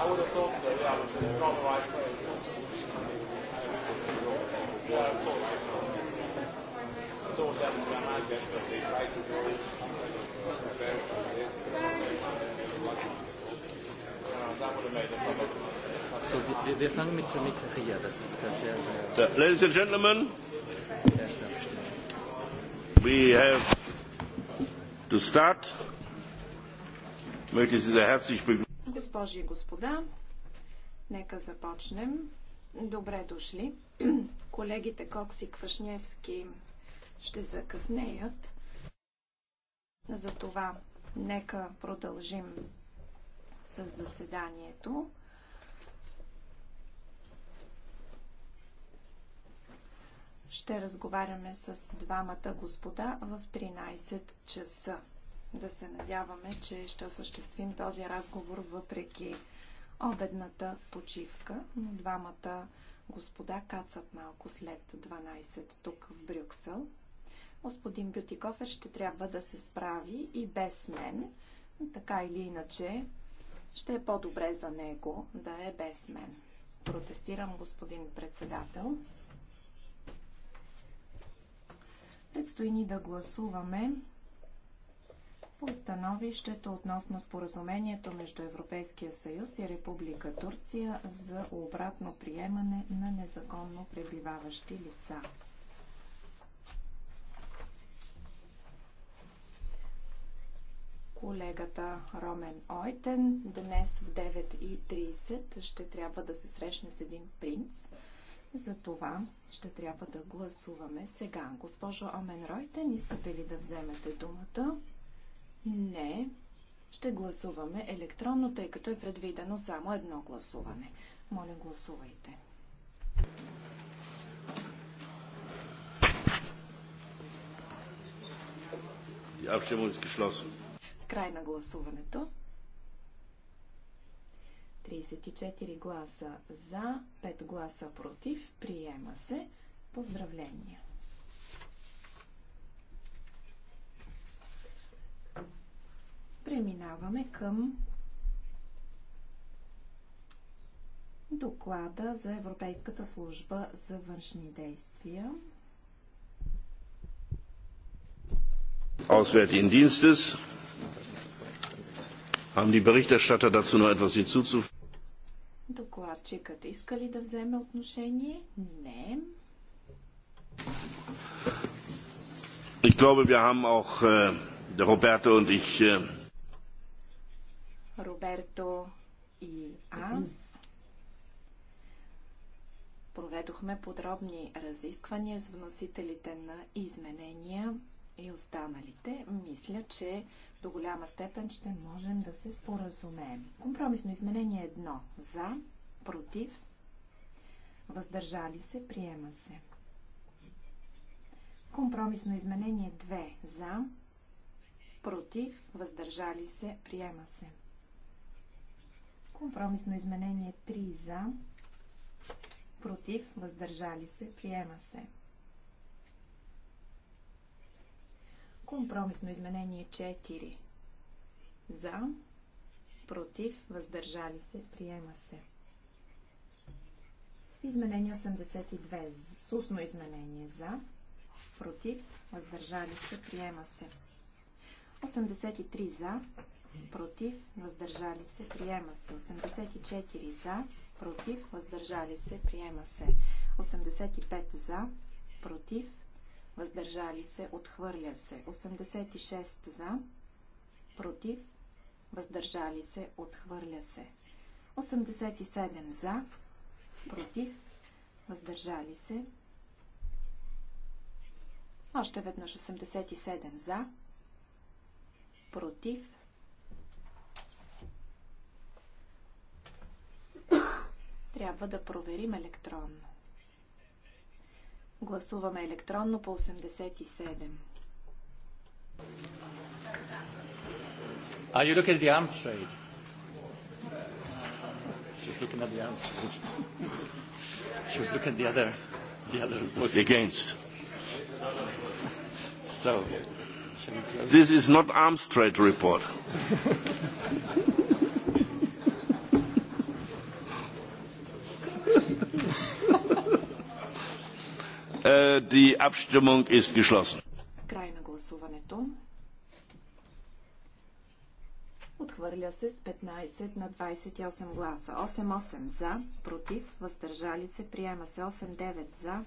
I would have thought so, yeah, but it's not the right place. So, Ladies and Gentlemen, we have to start. möchte Sie sehr herzlich begrüßen. Госпожи и господа, нека започнем. Добре дошли. Колегите Кокс и Квашневски ще закъснеят. Затова нека продължим с заседанието. ще разговаряме с двамата господа в 13 часа. Да се надяваме, че ще осъществим този разговор въпреки обедната почивка, но двамата господа кацат малко след 12 тук в Брюксел. Господин Бютикофер ще трябва да се справи и без мен, така или иначе ще е по-добре за него да е без мен. Протестирам, господин председател. Предстои ни да гласуваме по становището относно споразумението между Европейския съюз и Република Турция за обратно приемане на незаконно пребиваващи лица. колегата Ромен Ойтен. Днес в 9.30 ще трябва да се срещне с един принц. За това ще трябва да гласуваме сега. Госпожо Омен Ройтен, искате ли да вземете думата? Не. Ще гласуваме електронно, тъй като е предвидено само едно гласуване. Моля, гласувайте. Край на гласуването. 34 гласа за, 5 гласа против. Приема се. Поздравления! преминаваме към доклада за Европейската служба за външни действия. Auswärtigen Dienstes. Haben die Berichterstatter dazu noch etwas hinzuzufügen? Докладчикът иска ли да вземе отношение? Не. Ich glaube, wir haben auch äh, der Roberto und ich äh, Роберто и аз проведохме подробни разисквания с вносителите на изменения и останалите. Мисля, че до голяма степен ще можем да се споразумеем. Компромисно изменение едно. За, против, въздържали се, приема се. Компромисно изменение 2. За, против, въздържали се, приема се. Компромисно изменение 3 за, против, въздържали се, приема се. Компромисно изменение 4 за, против, въздържали се, приема се. Изменение 82. Сусно изменение за, против, въздържали се, приема се. 83 за, против, въздържали се, приема се. 84 за, против, въздържали се, приема се. 85 за, против, въздържали се, отхвърля се. 86 за, против, въздържали се, отхвърля се. 87 за, против, въздържали се. Още веднъж 87 за, против, трябва да проверим електронно. Гласуваме електронно по 87. Are you looking at the arms trade? She's looking at the arms trade. She's looking at the other, the other. It's against. So, this is not arms trade report. Äh, die Abstimmung ist geschlossen. Край на гласуването. Отхвърля се с 15 на 28 гласа. 8-8 за, против, въздържали се, приема се 8-9 за,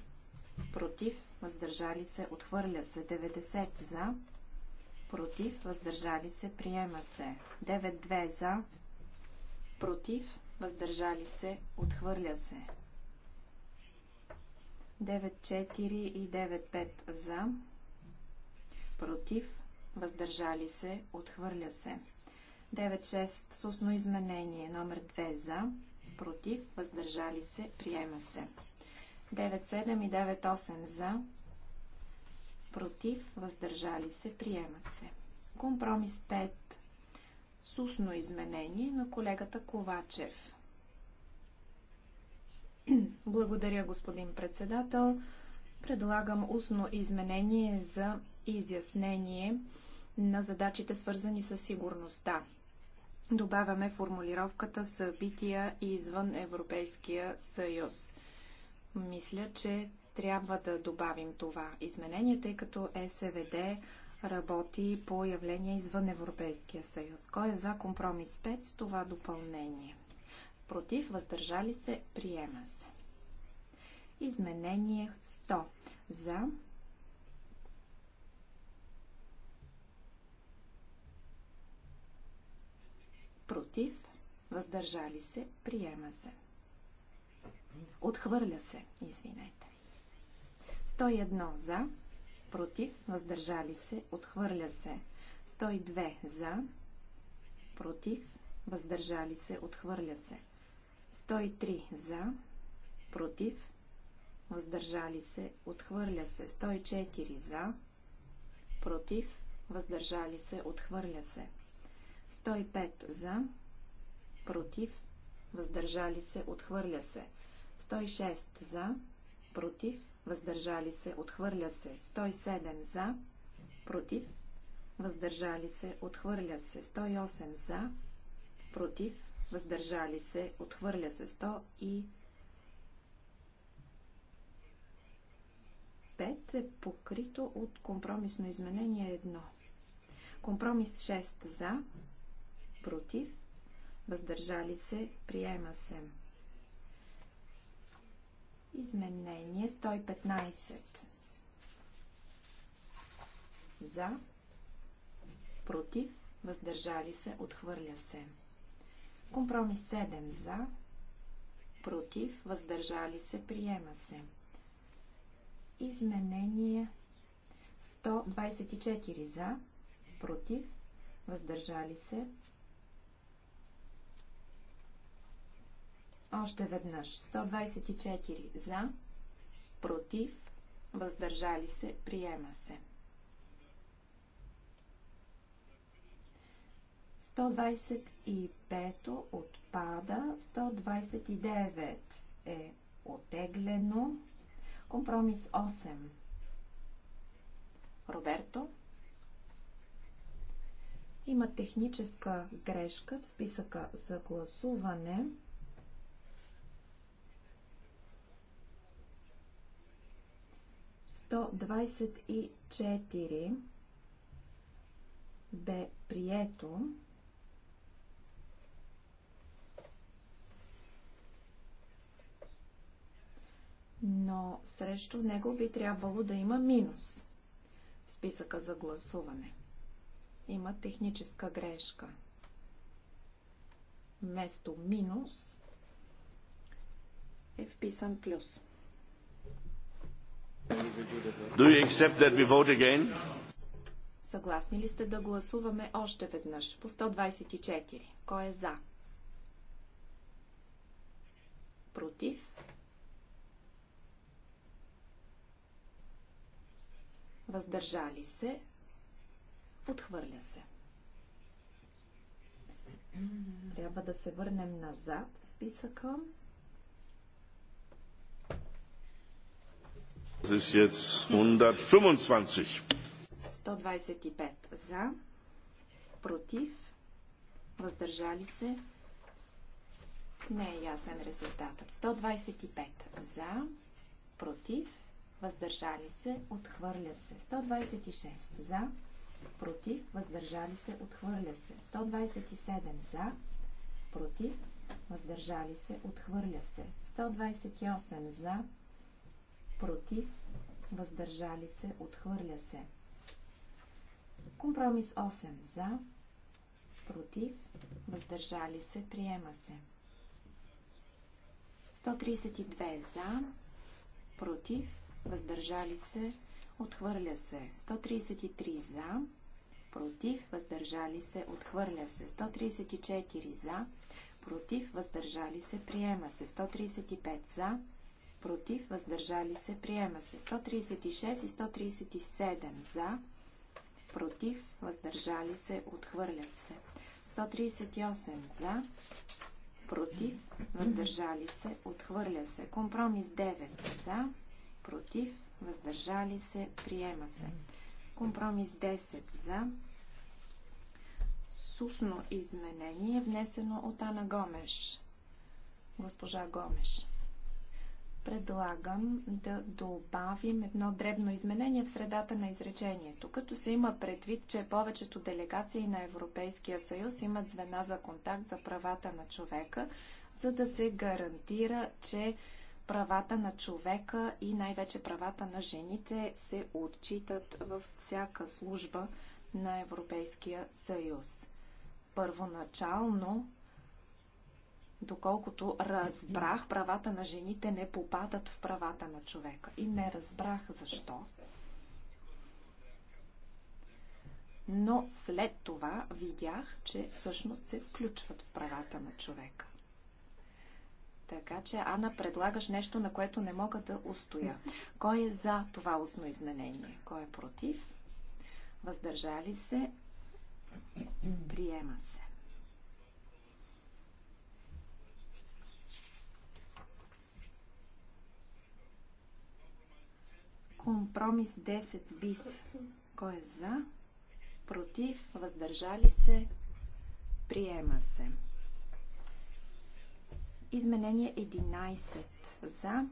против, въздържали се, отхвърля се 90 за, против, въздържали се, приема се 9-2 за, против, въздържали се, отхвърля се 9-4 и 9-5 за, против, въздържали се, отхвърля се. 9-6 с устно изменение, номер 2 за, против, въздържали се, приема се. 9-7 и 9-8 за, против, въздържали се, приемат се. Компромис 5 с устно изменение на колегата Ковачев. Благодаря, господин председател. Предлагам устно изменение за изяснение на задачите, свързани с сигурността. Добавяме формулировката събития извън Европейския съюз. Мисля, че трябва да добавим това изменение, тъй като СВД работи по явления извън Европейския съюз. Кой е за компромис 5 с това допълнение? против, въздържали се, приема се. Изменение 100 за против, въздържали се, приема се. Отхвърля се, извинете. 101 за, против, въздържали се, отхвърля се. 102 за, против, въздържали се, отхвърля се. 103 за, против, въздържали се, отхвърля се. 104 за, против, въздържали се, отхвърля се. 105 за, против, въздържали се, отхвърля се. 106 за, против, въздържали се, отхвърля се. 107 за, против, въздържали се, отхвърля се. 108 за, против, въздържали се, отхвърля се 100 и 5 е покрито от компромисно изменение 1. Компромис 6 за, против, въздържали се, приема се. Изменение 115 за, против, въздържали се, отхвърля се. Компромис 7 за, против, въздържали се, приема се. Изменение 124 за, против, въздържали се. Още веднъж. 124 за, против, въздържали се, приема се. 125 отпада, 129 е отеглено, компромис 8. Роберто? Има техническа грешка в списъка за гласуване. Сто двадесет и четири бе прието. но срещу него би трябвало да има минус в списъка за гласуване. Има техническа грешка. Вместо минус е вписан плюс. Do you accept that we vote again? Съгласни ли сте да гласуваме още веднъж по 124? Кой е за? Против? въздържали се, отхвърля се. Трябва да се върнем назад в списъка. 125. 125 за, против, въздържали се. Не е ясен резултатът. 125 за, против, въздържали се, отхвърля се. 126 за, против, въздържали се, отхвърля се. 127 за, против, въздържали се, отхвърля се. 128 за, против, въздържали се, отхвърля се. Компромис 8 за, против, въздържали се, приема се. 132 за, против, въздържали се, отхвърля се. 133 за, против, въздържали се, отхвърля се. 134 за, против, въздържали се, приема се. 135 за, против, въздържали се, приема се. 136 и 137 за, против, въздържали се, отхвърлят се. 138 за, против, въздържали се, отхвърля се. Компромис 9 за, против, въздържали се, приема се. Компромис 10 за. Сусно изменение, внесено от Ана Гомеш. Госпожа Гомеш. Предлагам да добавим едно дребно изменение в средата на изречението, като се има предвид, че повечето делегации на Европейския съюз имат звена за контакт за правата на човека, за да се гарантира, че правата на човека и най-вече правата на жените се отчитат във всяка служба на Европейския съюз. Първоначално, доколкото разбрах, правата на жените не попадат в правата на човека. И не разбрах защо. Но след това видях, че всъщност се включват в правата на човека. Така че, Ана, предлагаш нещо, на което не мога да устоя. Кой е за това устно изменение? Кой е против? Въздържали се? Приема се. Компромис 10 бис. Кой е за? Против? Въздържали се? Приема се. Изменение 11 за,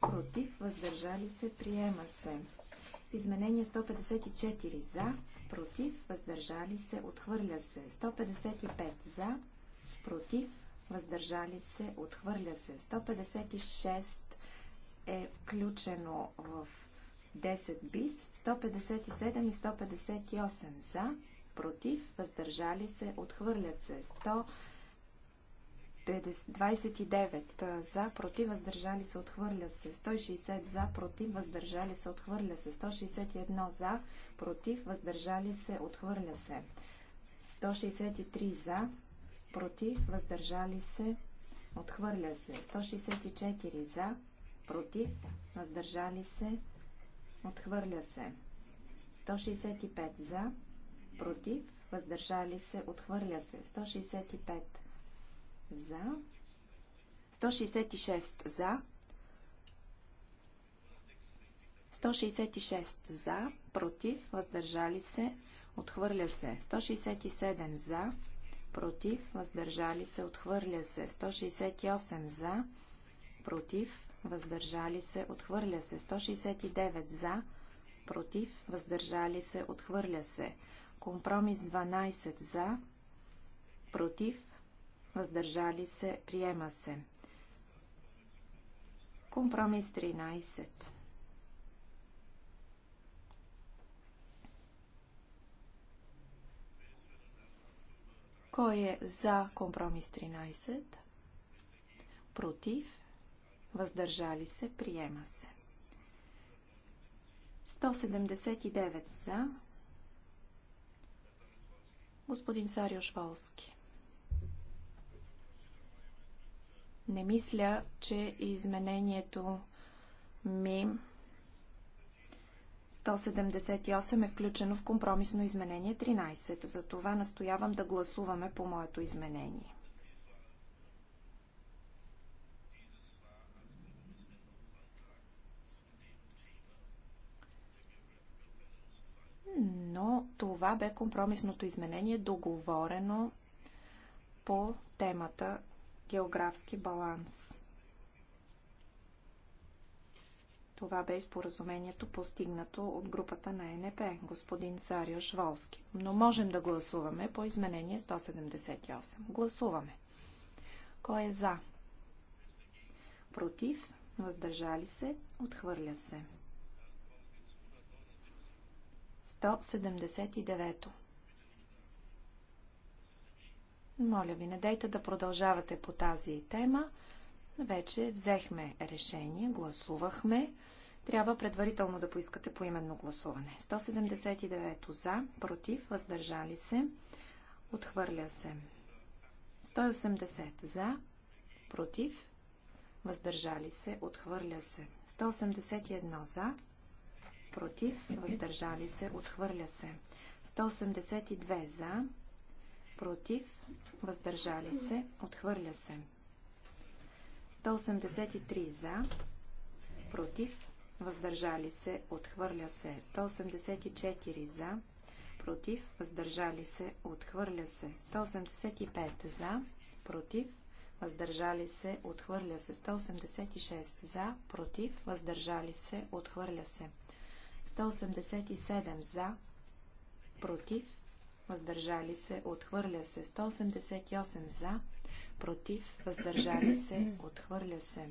против, въздържали се, приема се. Изменение 154 за, против, въздържали се, отхвърля се. 155 за, против, въздържали се, отхвърля се. 156 е включено в 10 бис, 157 и 158 за, против, въздържали се, отхвърлят се. 100 29 за, против, въздържали се, отхвърля се. 160 за, против, въздържали се, отхвърля се. 161 за, против, въздържали се, отхвърля се. 163 за, против, въздържали се, отхвърля се. 164 за, против, въздържали се, отхвърля се. 165 за, против, въздържали се, отхвърля се. 165 за. 166 за. 166 за, против, въздържали се, отхвърля се. 167 за, против, въздържали се, отхвърля се. 168 за, против, въздържали се, отхвърля се. 169 за, против, въздържали се, отхвърля се. Компромис 12 за, против, въздържали се, приема се. Компромис 13. Кой е за компромис 13? Против? Въздържали се? Приема се. 179 за. Господин Сариош Волски. Не мисля, че изменението ми 178 е включено в компромисно изменение 13. Затова настоявам да гласуваме по моето изменение. Но това бе компромисното изменение, договорено по темата географски баланс. Това бе и споразумението постигнато от групата на НП, господин Сарио Шволски. Но можем да гласуваме по изменение 178. Гласуваме. Кой е за? Против? Въздържали се? Отхвърля се. 179. Моля ви, не дайте да продължавате по тази тема. Вече взехме решение, гласувахме. Трябва предварително да поискате поименно гласуване. 179 за, против, въздържали се, отхвърля се. 180 за, против, въздържали се, отхвърля се. 181 за, против, въздържали се, отхвърля се. 182 за, против, въздържали се, отхвърля се. 183 за, против, въздържали се, отхвърля се. 184 за, против, въздържали се, отхвърля се. 185 за, против, въздържали се, отхвърля се. 186 за, против, въздържали се, отхвърля се. 187 за, против, въздържали се, отхвърля се. 188 за, против, въздържали се, отхвърля се.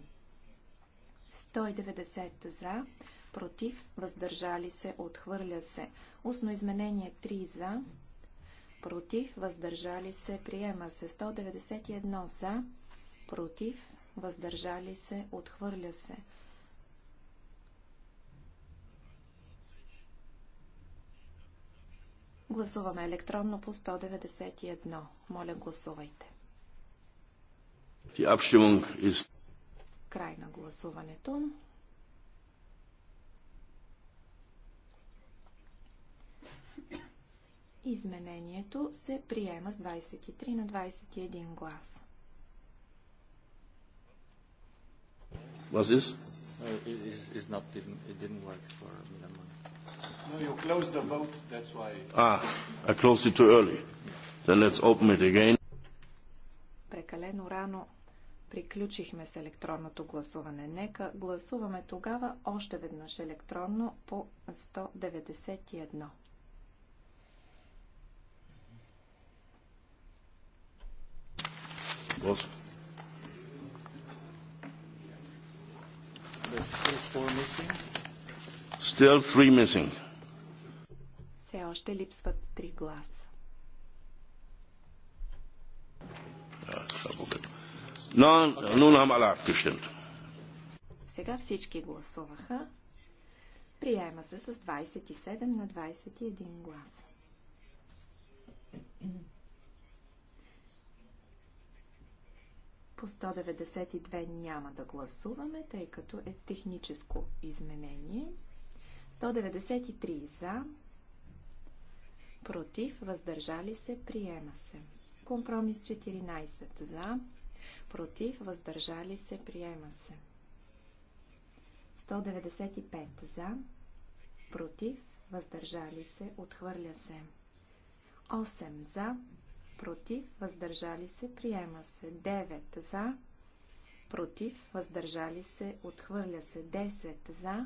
190 за, против, въздържали се, отхвърля се. Устно изменение 3 за, против, въздържали се, приема се. 191 за, против, въздържали се, отхвърля се. Гласуваме електронно по 191. Моля, гласувайте. Край на гласуването. Изменението се приема с 23 на 21 глас. Was is? Uh, it, is, is not, it didn't work for Milan No, you closed the vote, that's why. Ah, I closed it too early. Then let's open it again. Прекалено рано приключихме с електронното гласуване. Нека гласуваме тогава още веднъж електронно по 191. Господи. Still three missing. Все още липсват три гласа. Сега всички гласуваха. Приема се с 27 на 21 гласа. По 192 няма да гласуваме, тъй като е техническо изменение. 193 за, против, въздържали се, приема се. Компромис 14 за, против, въздържали се, приема се. 195 за, против, въздържали се, отхвърля се. 8 за, против, въздържали се, приема се. 9 за, против, въздържали се, отхвърля се. 10 за,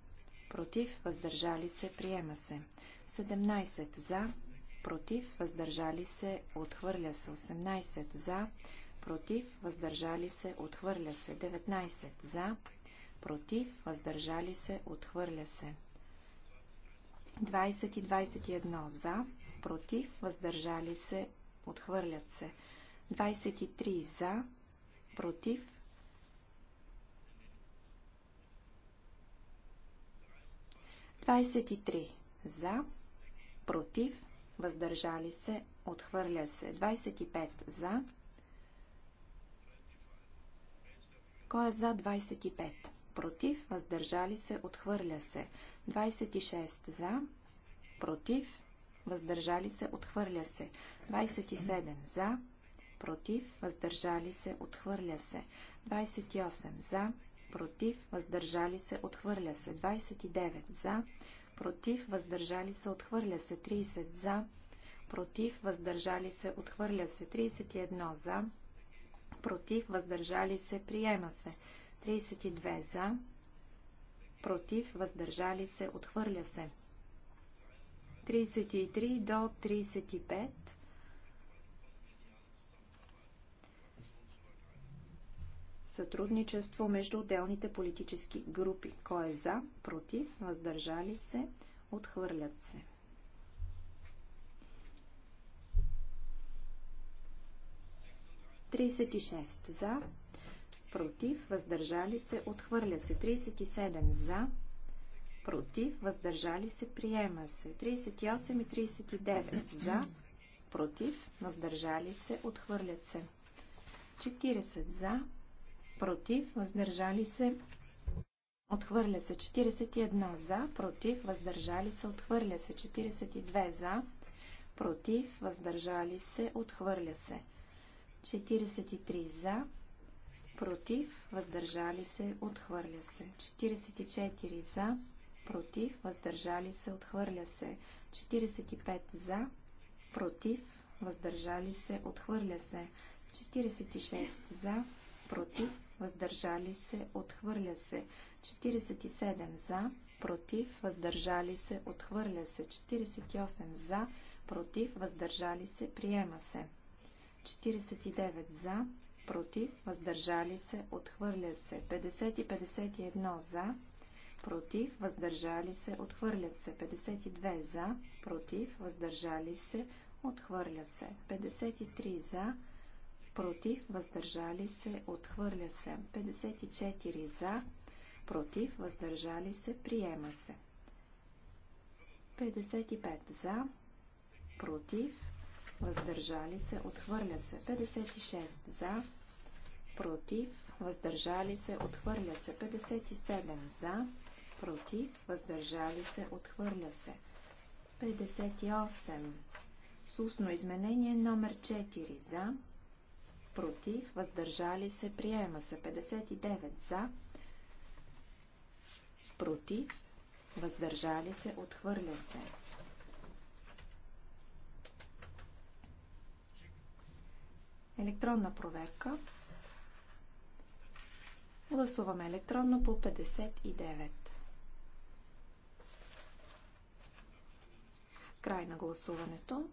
против, въздържали се, приема се. 17 за, против, въздържали се, отхвърля се. 18 за, против, въздържали се, отхвърля се. 19 за, против, въздържали се, отхвърля се. 20 и 21 за, против, въздържали се, отхвърлят се. 23 за, против, 23 за, против, въздържали се, отхвърля се. 25 за. Кой е за 25? Против, въздържали се, отхвърля се. 26 за, против, въздържали се, отхвърля се. 27 за, против, въздържали се, отхвърля се. 28 за, против, въздържали се, отхвърля се. 29 за, против, въздържали се, отхвърля се. 30 за, против, въздържали се, отхвърля се. 31 за, против, въздържали се, приема се. 32 за, против, въздържали се, отхвърля се. 33 до 35 сътрудничество между отделните политически групи. Кой е за, против, въздържали се, отхвърлят се. Тридесет и шест за, против, въздържали се, отхвърля се. 37 за, против, въздържали се, приема се. 38 и 39 за, против, въздържали се, отхвърлят се. 40 за, против, въздържали се, отхвърля се 41 за, против, въздържали се, отхвърля се 42 за, против, въздържали се, отхвърля се 43 за, против, въздържали се, отхвърля се 44 за, против, въздържали се, отхвърля се 45 за, против, въздържали се, отхвърля се 46 за, против, въздържали се, отхвърля се. 47 за, против, въздържали се, отхвърля се. 48 за, против, въздържали се, приема се. 49 за, против, въздържали се, отхвърля се. 50 и 51 за, против, въздържали се, отхвърлят се. 52 за, против, въздържали се, отхвърля се. 53 за, против, въздържали се, отхвърля се. 54 за, против, въздържали се, приема се. 55 за, против, въздържали се, отхвърля се. 56 за, против, въздържали се, отхвърля се. 57 за, против, въздържали се, отхвърля се. 58. Сусно изменение номер 4 за, против, въздържали се, приема се. 59 за, против, въздържали се, отхвърля се. Електронна проверка. Гласуваме електронно по 59. Край на гласуването.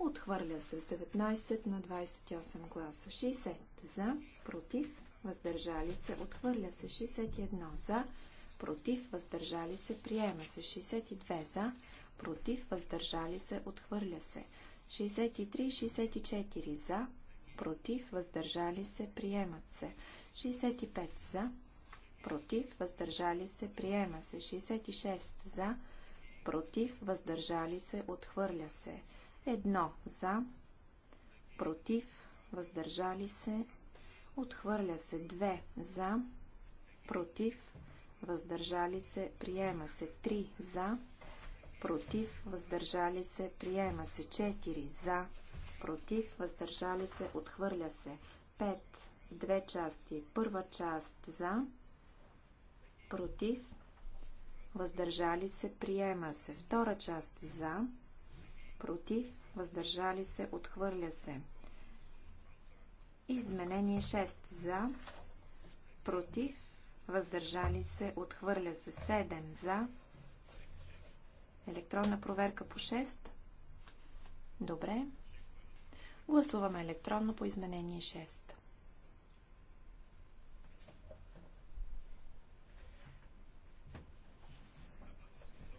Отхвърля се с 19 на 28 гласа. 60 за, против, въздържали се. Отхвърля се 61 за, против, въздържали се. Приема се 62 за, против, въздържали се. Отхвърля се. 63 64 за, против, въздържали се. Приемат се. 65 за, против, въздържали се. Приема се. 66 за, против, въздържали се. Отхвърля се. Едно за, против, въздържали се, отхвърля се две за, против, въздържали се, приема се Три за, против, въздържали се, приема се четири за, против, въздържали се, отхвърля се пет в две части. Първа част за, против, въздържали се, приема се. Втора част за, против, въздържали се, отхвърля се. Изменение 6 за, против, въздържали се, отхвърля се 7 за. Електронна проверка по 6. Добре. Гласуваме електронно по изменение 6.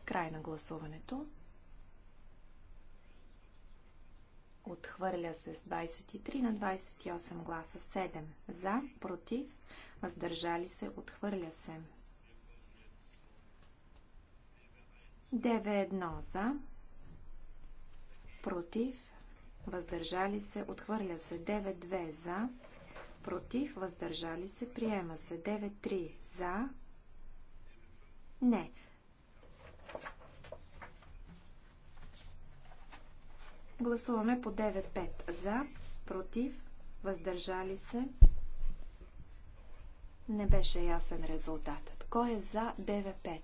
Край на гласуването. Отхвърля се с 23 на 28 гласа 7. За, против, въздържали се, отхвърля се. 9-1 за, против, въздържали се, отхвърля се. 9-2 за, против, въздържали се, приема се. 9-3 за, не. Гласуваме по 9-5 за, против, въздържали се. Не беше ясен резултатът. Кой е за 9-5?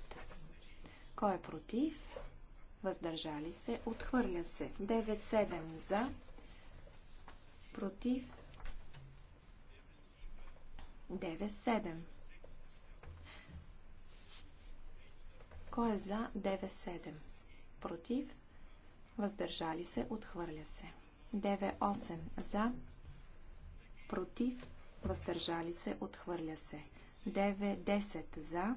Кой е против? Въздържали се. Отхвърля се. 9-7 за, против, 9-7. Кой е за 9-7? Против? 9 въздържали се, отхвърля се. 9-8 за, против, въздържали се, отхвърля се. 9-10 за,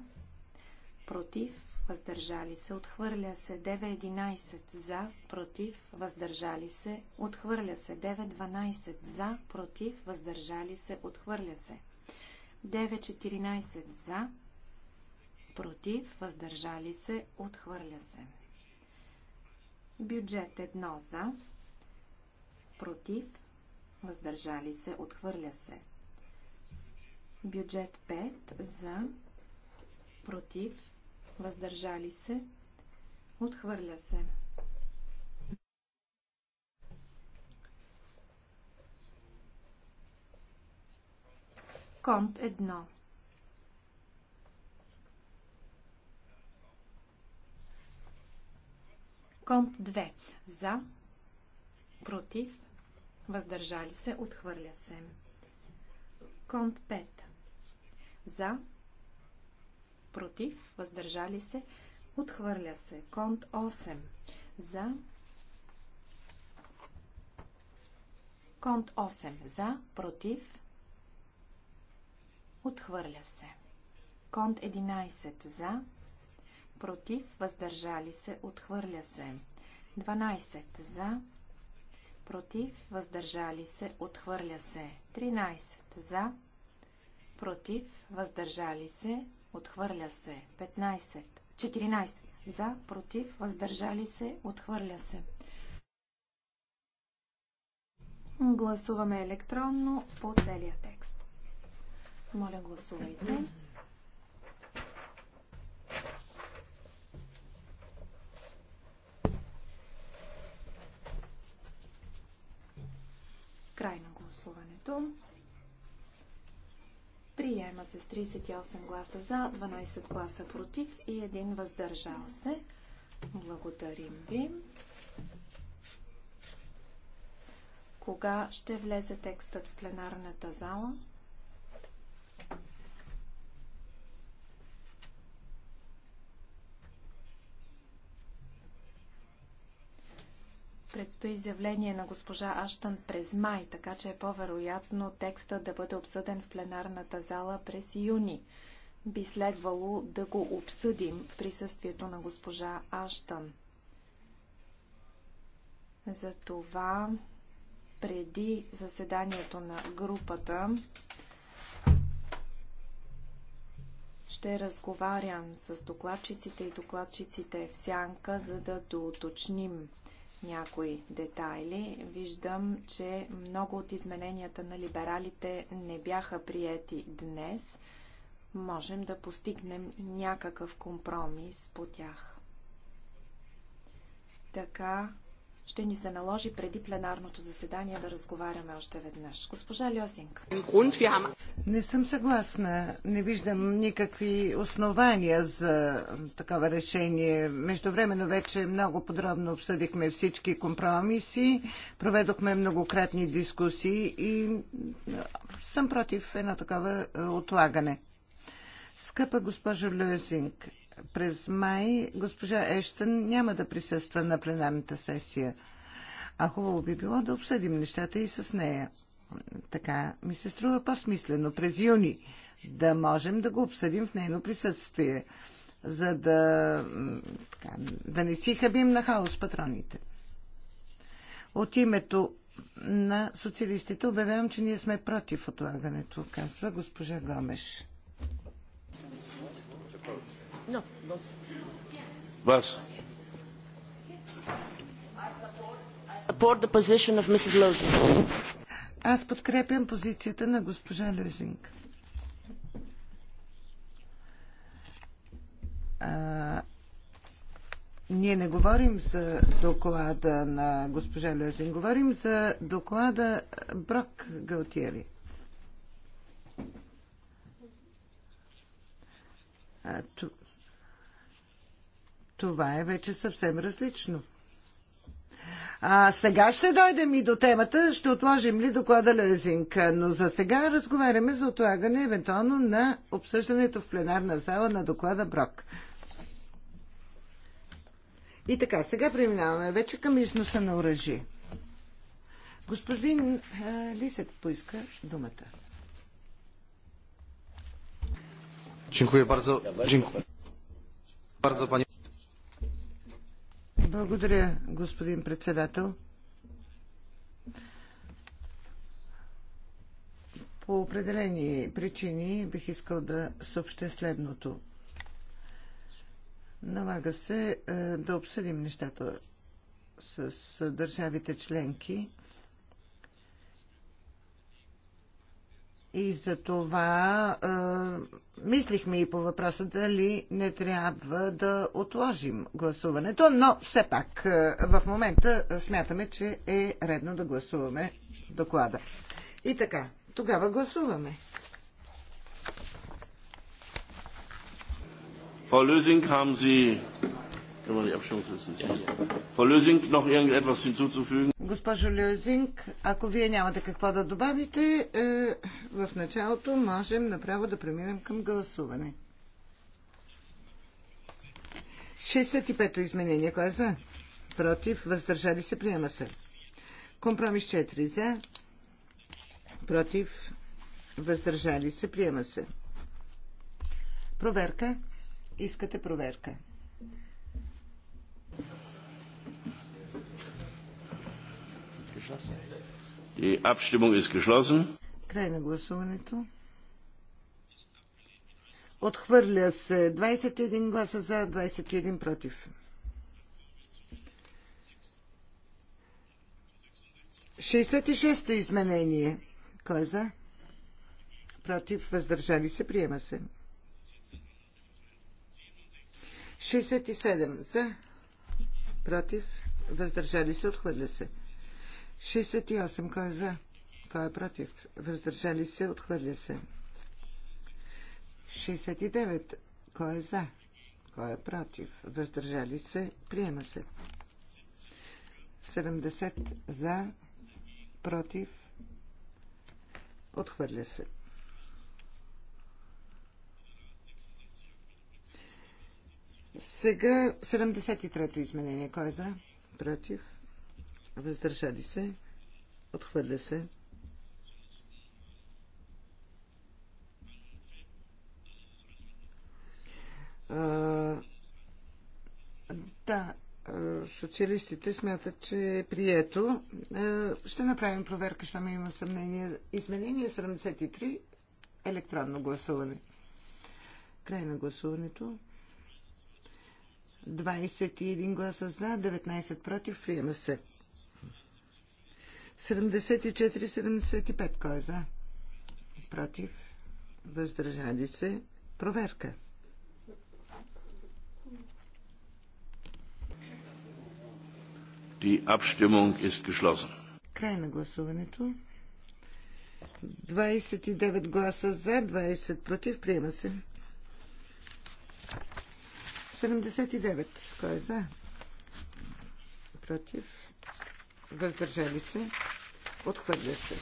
против, въздържали се, отхвърля се. 9-11 за, против, въздържали се, отхвърля се. 9-12 за, против, въздържали се, отхвърля се. 9-14 за, против, въздържали се, отхвърля се. Бюджет 1 за, против, въздържали се, отхвърля се. Бюджет 5 за, против, въздържали се, отхвърля се. Конт едно. Комп 2. За. Против. Въздържали се. Отхвърля се. Комп 5. За. Против. Въздържали се. Отхвърля се. Конт 8. За. Конт 8. За. Против. Отхвърля се. Конт 11. За против, въздържали се, отхвърля се. 12 за, против, въздържали се, отхвърля се. 13 за, против, въздържали се, отхвърля се. 15, 14 за, против, въздържали се, отхвърля се. Гласуваме електронно по целия текст. Моля, гласувайте. гласуването. Приема се с 38 гласа за, 12 гласа против и 1 въздържал се. Благодарим ви. Кога ще влезе текстът в пленарната зала? Предстои изявление на госпожа Аштън през май, така че е по-вероятно текста да бъде обсъден в пленарната зала през юни. Би следвало да го обсъдим в присъствието на госпожа Аштън. Затова преди заседанието на групата ще разговарям с докладчиците и докладчиците в сянка, за да доуточним някои детайли. Виждам, че много от измененията на либералите не бяха приети днес. Можем да постигнем някакъв компромис по тях. Така ще ни се наложи преди пленарното заседание да разговаряме още веднъж. Госпожа Льосинг. Не съм съгласна. Не виждам никакви основания за такова решение. Междувременно вече много подробно обсъдихме всички компромиси, проведохме многократни дискусии и съм против едно такова отлагане. Скъпа госпожо Льосинг, през май госпожа Ештън няма да присъства на пленарната сесия. А хубаво би било да обсъдим нещата и с нея. Така ми се струва по-смислено през юни да можем да го обсъдим в нейно присъствие, за да, така, да не си хабим на хаос патроните. От името на социалистите обявявам, че ние сме против отлагането, казва госпожа Гомеш. No, Was? support the position of Mrs. Lozing. Аз подкрепям позицията на госпожа Лозинг. ние не говорим за доклада на госпожа Лозинг, говорим за доклада Брок Галтиери. А, това е вече съвсем различно. А сега ще дойдем и до темата, ще отложим ли доклада Лезинг, но за сега разговаряме за отлагане евентуално на обсъждането в пленарна зала на доклада Брок. И така, сега преминаваме вече към износа на оръжие. Господин Лисек поиска думата. Дякую, bardzo. Дякую, bardzo, благодаря, господин председател. По определени причини бих искал да съобщя следното. Налага се е, да обсъдим нещата с държавите членки. И за това е, Мислихме и по въпроса дали не трябва да отложим гласуването, но все пак е, в момента смятаме, че е редно да гласуваме доклада. И така, тогава гласуваме. Госпожо Лезинг, ако вие нямате какво да добавите, е, в началото можем направо да преминем към гласуване. 65-то изменение. Кой е за? Против. Въздържали се. Приема се. Компромис 4 за. Против. Въздържали се. Приема се. Проверка. Искате проверка. Die Abstimmung ist geschlossen. Край на гласуването. Отхвърля се 21 гласа за, 21 против. 66-то изменение. Кой е за? Против, въздържали се, приема се. 67 за, против, въздържали се, отхвърля се. 68. Кой е за? Кой е против? Въздържали се? Отхвърля се. 69. Кой е за? Кой е против? Въздържали се? Приема се. 70 за, против, отхвърля се. Сега 73-то изменение. Кой е за? Против въздържали се, отхвърля се. А, да, социалистите смятат, че е прието. Ще направим проверка, ще има съмнение. Изменение 73, електронно гласуване. Край на гласуването. 21 гласа за, 19 против, приема се. 74-75. Кой е за? Против. Въздържали се. Проверка. Die Abstimmung ist geschlossen. Край на гласуването. 29 гласа за, 20 против. Приема се. 79. Кой е за? Против въздържали се, отхвърля се.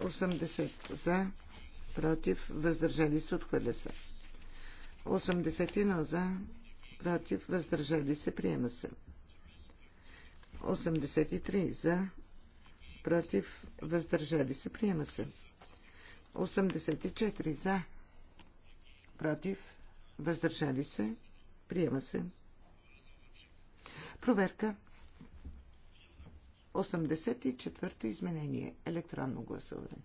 80 за, против, въздържали се, отхвърля се. 81 за, против, въздържали се, приема се. 83 за, против, въздържали се, приема се. 84 за, против, въздържали се, приема се. Проверка. 84-то изменение. Електронно гласуване.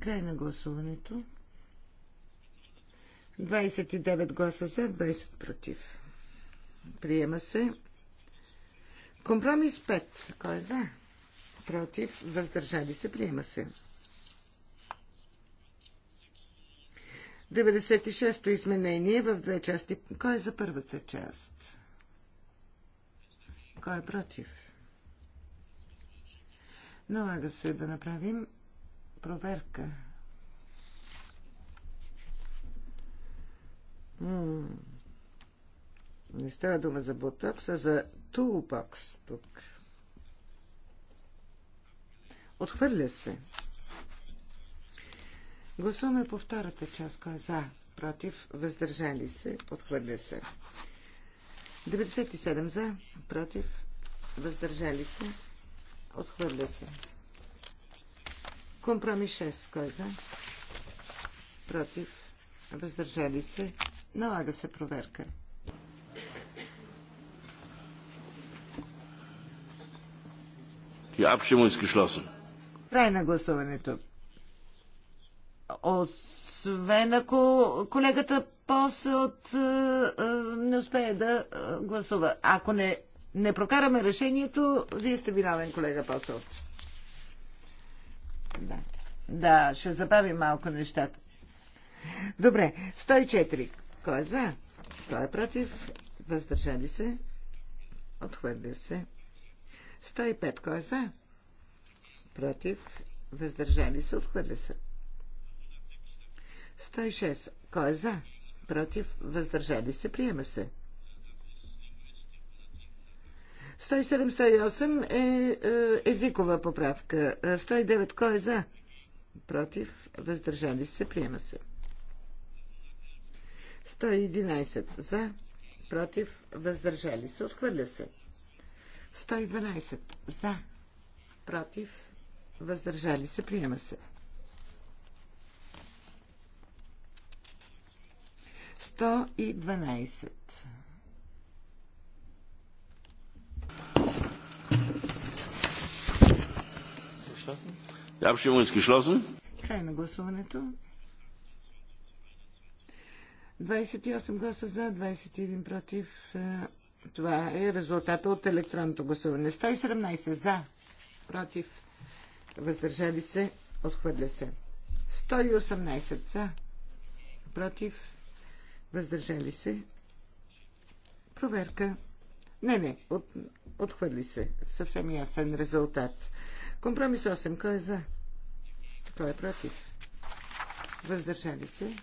Край на гласуването. 29 гласа за, 20 против. Приема се. Компромис 5. Кой е за? Против. Въздържали се. Приема се. 96-то изменение в две части. Кой е за първата част? Кой е против? Налага се да направим проверка. М не става дума за ботокс, а за тулбокс тук. Отхвърля се. Гласуваме по втората част, кой е за, против, въздържали се, отхвърля се. 97 за, против, въздържали се, отхвърля се. Компромис 6, кой е за? Против, въздържали се, налага се проверка. Die Край на гласуването освен ако колегата после от е, е, не успее да е, гласува. Ако не, не прокараме решението, вие сте виновен, колега Посъл. Да. да, ще забавим малко нещата. Добре, 104. Кой е за? Кой е против? Въздържали се? Отхвърля се. 105. Кой е за? Против? Въздържали се? Отхвърля се. 106. Кой е за? Против? Въздържали се? Приема се. 107-108 е, е езикова поправка. 109. Е, Кой е за? Против? Въздържали се? Приема се. 111. За? Против? Въздържали се? Отхвърля се. 112. За? Против? Въздържали се? Приема се. 112. Край на гласуването. 28 гласа за, 21 против. Е, това е резултата от електронното гласуване. 117 за, против, въздържали се, отхвърля се. 118 за, против, Въздържали се. Проверка. Не, не. От, отхвърли се. Съвсем ясен резултат. Компромис 8. Кой е за? Кой е против? Въздържали се.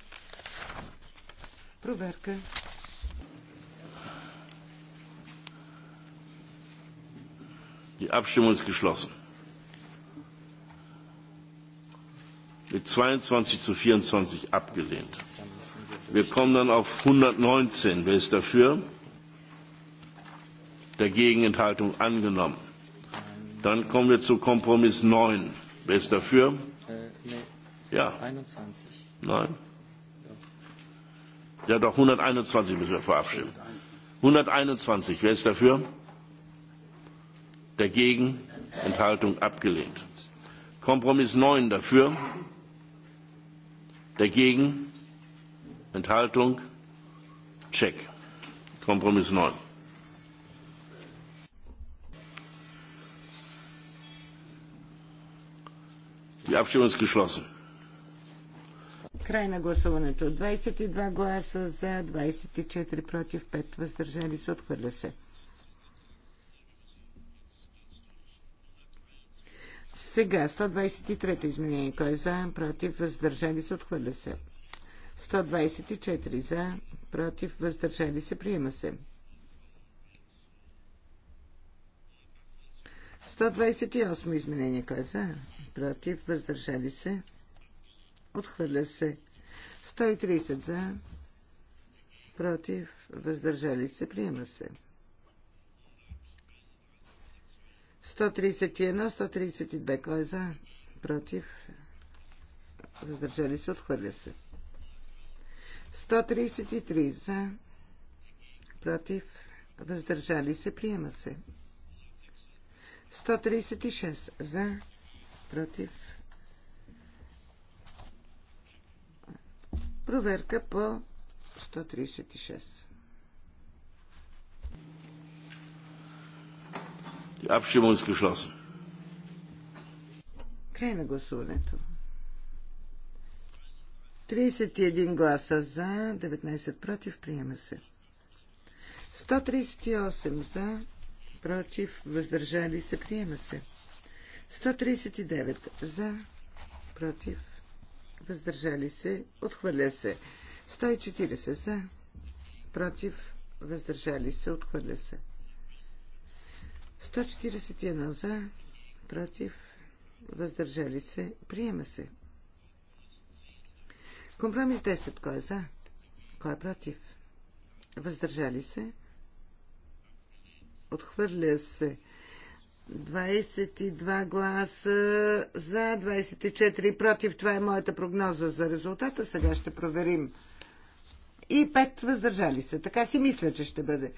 Проверка. Die Abstimmung ist geschlossen. Mit 22 zu 24 abgelehnt. Wir kommen dann auf 119. Wer ist dafür? Dagegen Enthaltung angenommen. Dann kommen wir zu Kompromiss 9. Wer ist dafür? Ja. 21. Nein. Ja, doch 121 müssen wir verabschieden. 121. Wer ist dafür? Dagegen Enthaltung abgelehnt. Kompromiss 9 dafür. Dagegen Enthaltung? Check. Kompromiss 9. Die Abstimmung ist geschlossen. Край на гласуването. 22 гласа за, 24 против, 5 въздържали се, отхвърля се. Сега 123-то изменение. Кой е за, против, въздържали се, отхвърля се. 124 за, против, въздържали се, приема се. 128 изменение кой е за, против, въздържали се, отхвърля се. 130 за, против, въздържали се, приема се. 131, 132 кой е за, против, въздържали се, отхвърля се. 133 за, против, въздържали се, приема се. 136 за, против. Проверка по 136. Die Abstimmung ist geschlossen. Край на гласуването. 31 гласа за, 19 против, приема се. 138 за, против, въздържали се, приема се. 139 за, против, въздържали се, отхвърля се. 140 за, против, въздържали се, отхвърля се. 141 за, против, въздържали се, приема се. Компромис 10. Кой е за? Кой е против? Въздържали се? Отхвърля се. 22 гласа за, 24 против. Това е моята прогноза за резултата. Сега ще проверим. И 5 въздържали се. Така си мисля, че ще бъде.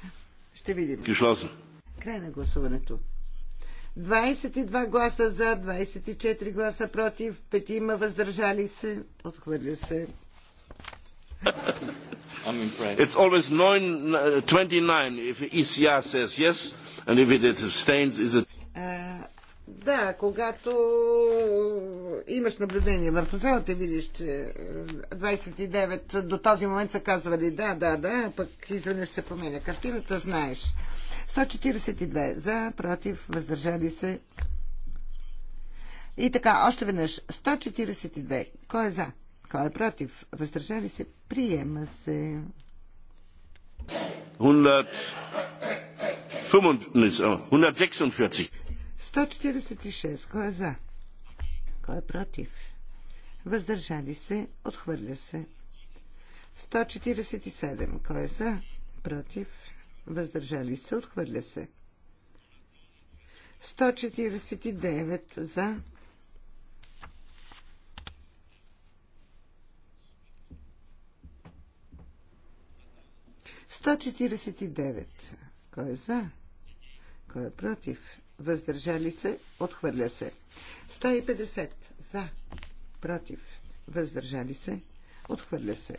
Ще видим. се. Край на гласуването. 22 гласа за, 24 гласа против, 5 има въздържали се. Отхвърля се. It's always 9, 29 uh, if ECR says yes and if it abstains is it... А, да, когато имаш наблюдение върху залата видиш, че 29 е, до този момент са казвали да, да, да, пък изведнъж се променя картината, знаеш. 142 за, против, въздържали се. И така, още веднъж. 142. Кой е за? Кой е против? Въздържали се. Приема се. 146. 146. Кой е за? Кой е против? Въздържали се. Отхвърля се. 147. Кой е за? Против? въздържали се, отхвърля се. 149 за, 149. Кой е за? Кой е против? Въздържали се? Отхвърля се. 150. За. Против. Въздържали се? Отхвърля се.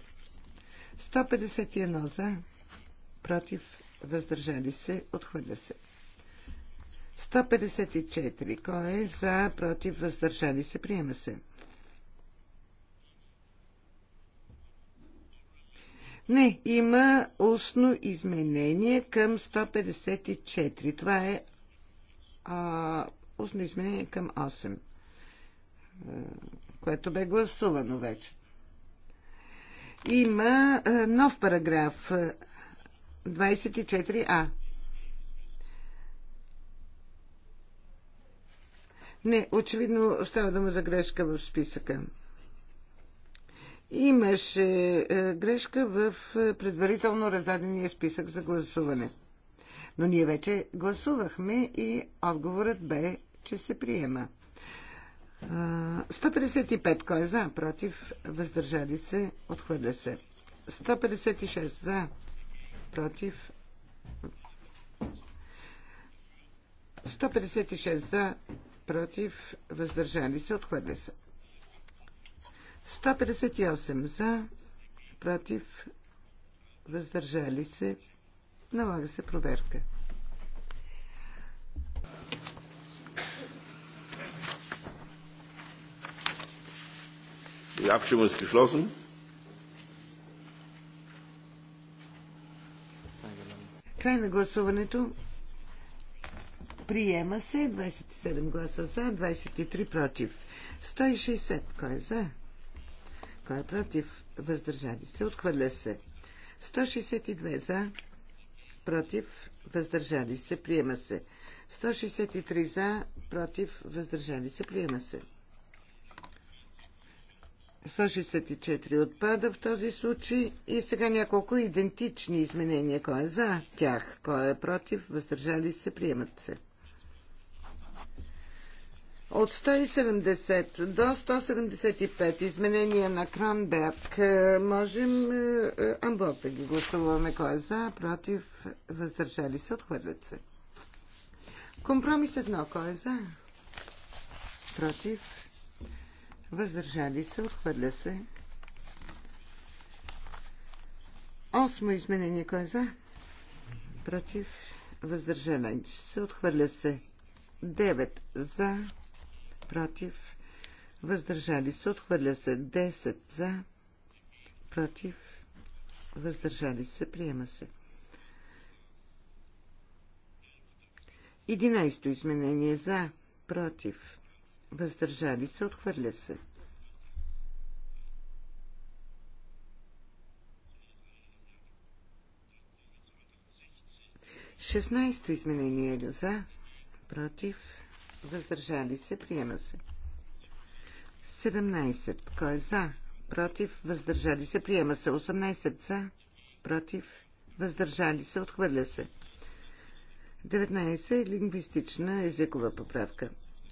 151. За. Против въздържали се, отхвърля се. 154. Кой е за, против, въздържали се, приема се. Не, има устно изменение към 154. Това е а, устно изменение към 8, което бе гласувано вече. Има нов параграф 24а. Не, очевидно става дума за грешка в списъка. Имаше е, грешка в е, предварително раздадения списък за гласуване. Но ние вече гласувахме и отговорът бе, че се приема. 155. Кой е за? Против? Въздържали се? Отхвърля се. 156. За? против. 156 за, против, въздържали се, отхвърля се. 158 за, против, въздържали се, налага се проверка. Die Abstimmung ist geschlossen. Край на гласуването. Приема се 27 гласа за, 23 против. 160. Кой е за? Кой е против? Въздържали се. Отхвърля се. 162 за, против, въздържали се, приема се. 163 за, против, въздържали се, приема се. 164 отпада в този случай и сега няколко идентични изменения. Кой е за тях, кой е против, въздържали се, приемат се. От 170 до 175 изменения на Кранберг е, можем е, е, амбок да ги гласуваме. Кой е за, против, въздържали се, отхвърлят се. Компромис едно. Кой е за? Против, въздържали се, отхвърля се. Осмо изменение, кой е за? Против, въздържали се, отхвърля се. 9 за, против, въздържали се, отхвърля се. 10 за, против, въздържали се, приема се. 11 изменение за, против, въздържали се, отхвърля се. Шестнайсто изменение е за, против, въздържали се, приема се. 17. Кой е за? Против. Въздържали се. Приема се. 18. За. Против. Въздържали се. Отхвърля се. 19. Лингвистична езикова поправка.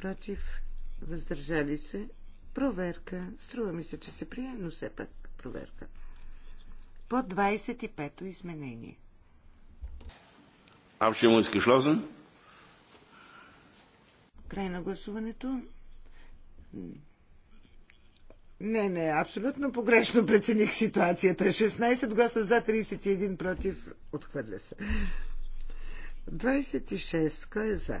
против, въздържали се, проверка. Струва ми се, че се прие, но все пак проверка. По 25-то изменение. искаш лозен? Край на гласуването. Не, не, абсолютно погрешно прецених ситуацията. 16 гласа за, 31 против. Отхвърля се. 26. Кой е за?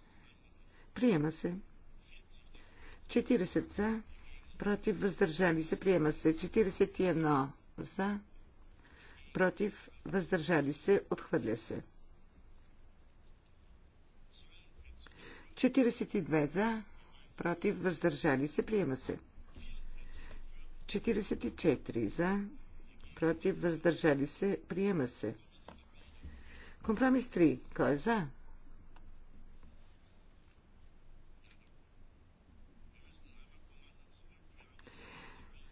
Приема се. 40 за. Против. Въздържали се. Приема се. 41 за. Против. Въздържали се. Отхвърля се. 42 за. Против. Въздържали се. Приема се. 44 за. Против. Въздържали се. Приема се. Компромис 3. Кой е за?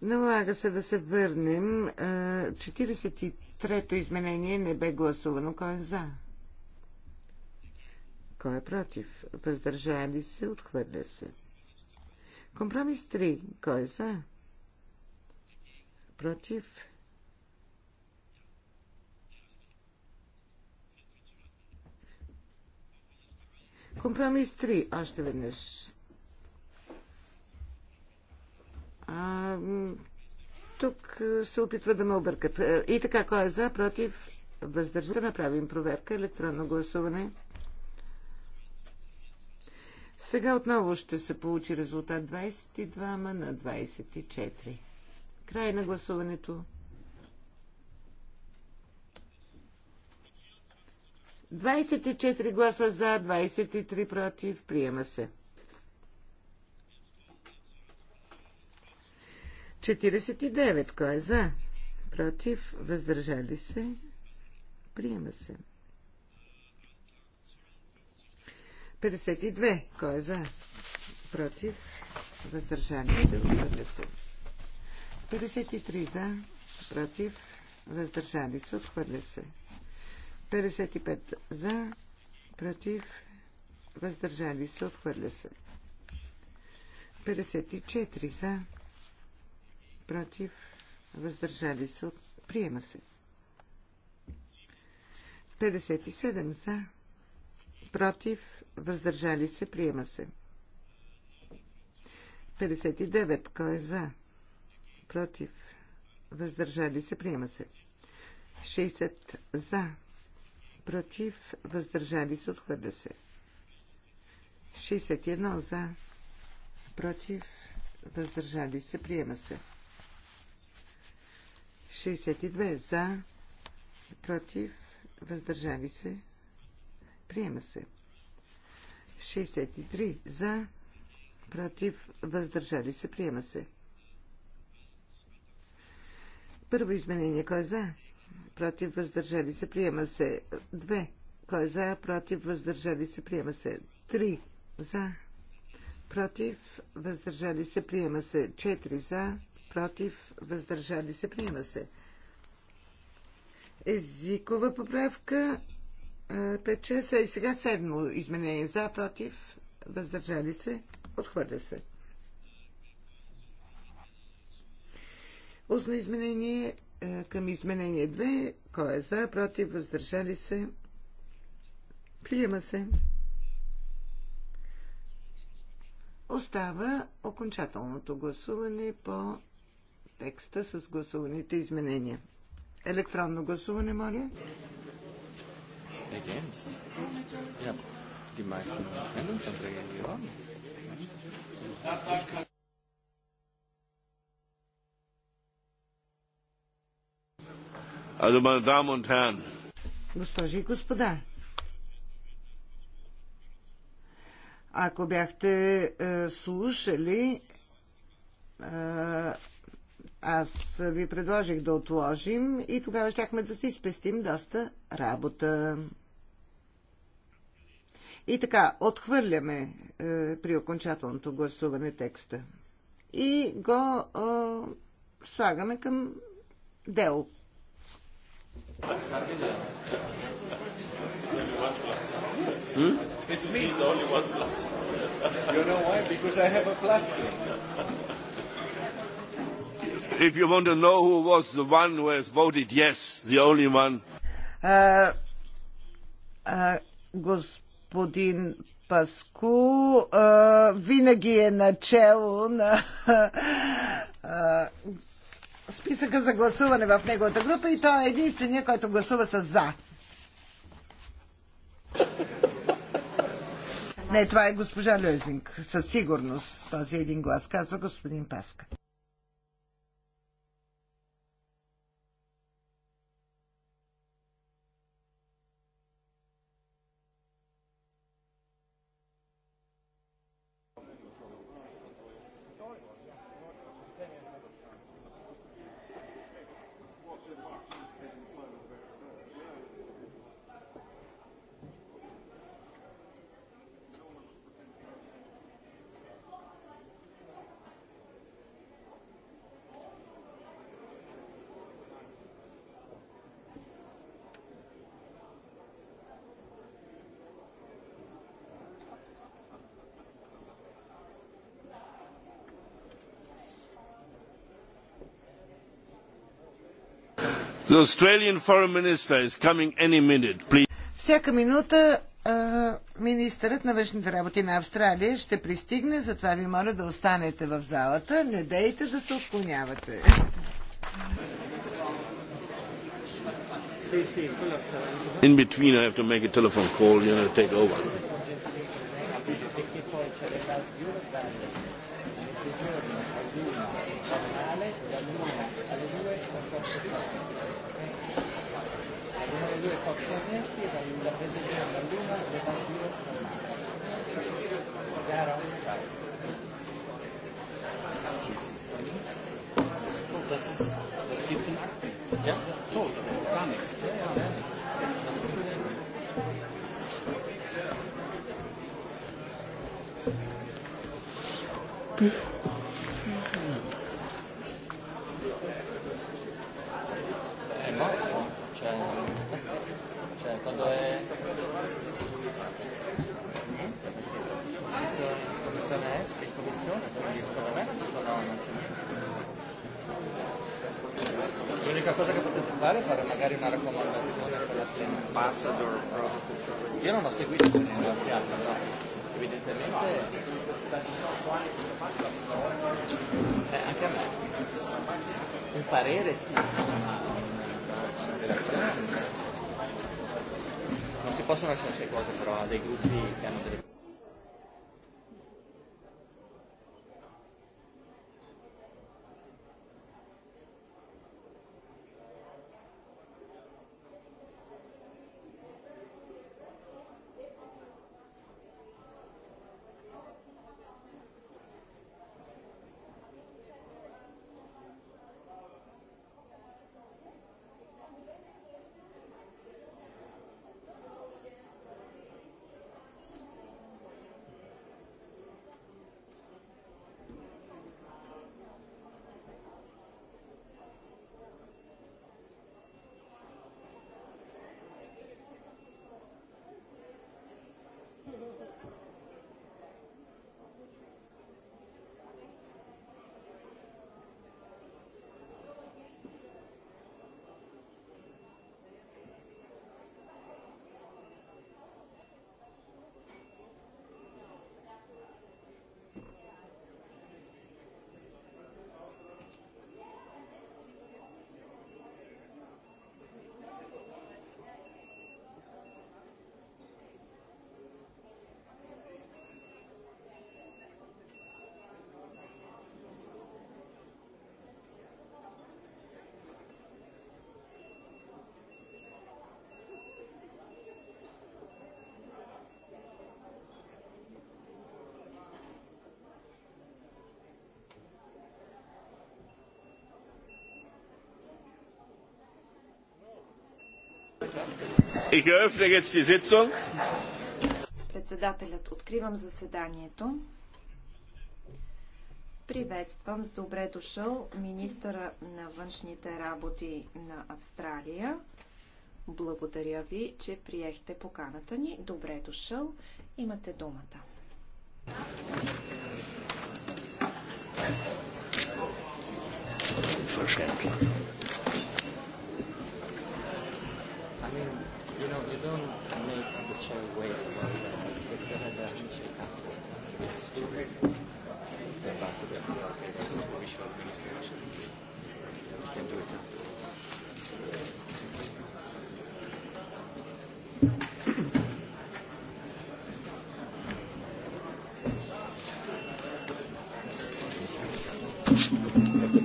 Налага се да се върнем. 43-то изменение не бе гласувано. Кой е за? Кой е против? Въздържали се, отхвърля се. Компромис 3. Кой е за? Против? Компромис 3. Още веднъж. А, тук се опитва да ме объркат. Е, и така, кой е за, против, въздържа да направим проверка, електронно гласуване. Сега отново ще се получи резултат 22 на 24. Край на гласуването. 24 гласа за, 23 против. Приема се. 49. Кой е за? Против? Въздържали се? Приема се. 52. Кой е за? Против? Въздържали се? Отхвърля се. 53 за, против, въздържали се, отхвърля се. 55 за, против, въздържали се, отхвърля се. 54 за, против, въздържали се, приема се. 57 за, против, въздържали се, приема се. 59. Кой е за? Против. Въздържали се, приема се. 60 за. Против. Въздържали се, отхвърля се. 61 за. Против. Въздържали се, приема се. 62 за, против, въздържали се, приема се. 63 за, против, въздържали се, приема се. Първо изменение, кой е за? Против, въздържали се, приема се. 2. Кой е за? Против, въздържали се, приема се. 3. За. Против, въздържали се, приема се. 4. За против, въздържали се, приема се. Езикова поправка 5-6, и сега седмо изменение за, против, въздържали се, отхвърля се. Устно изменение към изменение 2, кой е за, против, въздържали се, приема се. Остава окончателното гласуване по текста с гласуваните изменения. Електронно гласуване, моля. Госпожи и господа, ако бяхте е, слушали е, аз ви предложих да отложим и тогава щяхме да си спестим доста работа. И така, отхвърляме е, при окончателното гласуване текста и го е, слагаме към дело. Hmm? It's me. It's only one plus. you know why? Because I have a plus here. If you want to know who was the one who has voted yes, the only one. господин Паску винаги е начало на списъка за гласуване в неговата група и той е единствения, който гласува с за. Не, това е госпожа Лезинг. Със сигурност този един глас, казва господин Паска. Всяка минута министърът на външните работи на Австралия ще пристигне, затова ви моля да останете в залата. Не дейте да се отклонявате. In between I have to make a telephone call, you know, take over. partita in la presenza della Luna e le partite parere sì. Non si possono lasciare queste cose però a dei gruppi che hanno delle Ich eröffne jetzt die Sitzung. Председателят, откривам заседанието. Приветствам с добре дошъл министъра на външните работи на Австралия. Благодаря ви, че приехте поканата ни. Добре дошъл. Имате думата. Verständlich.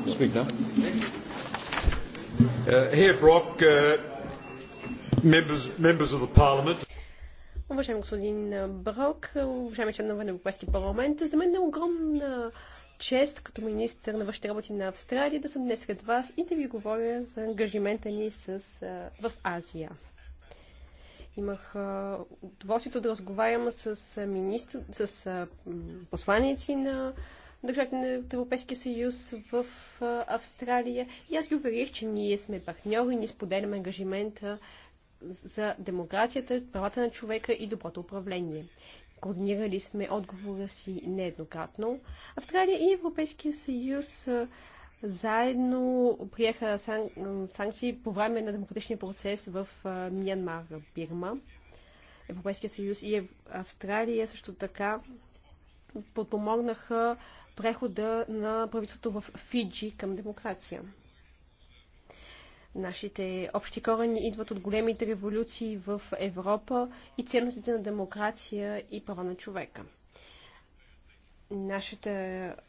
Speaker. Uh, here, Brock, uh, members, members of the Parliament уважаеми господин Брок, уважаеми членове на Европейски парламент. За мен е огромна чест като министр на външните работи на Австралия да съм днес сред вас и да ви говоря за ангажимента ни с, в Азия. Имах удоволствието да разговарям с, министр, с посланици на държавите на Европейския съюз в Австралия. И аз ги уверих, че ние сме партньори, ние споделяме ангажимента за демокрацията, правата на човека и доброто управление. Координирали сме отговора си нееднократно. Австралия и Европейския съюз заедно приеха сан... санкции по време на демократичния процес в Миянмар, Бирма. Европейския съюз и Австралия също така подпомогнаха прехода на правителството в Фиджи към демокрация. Нашите общи корени идват от големите революции в Европа и ценностите на демокрация и права на човека. Нашата,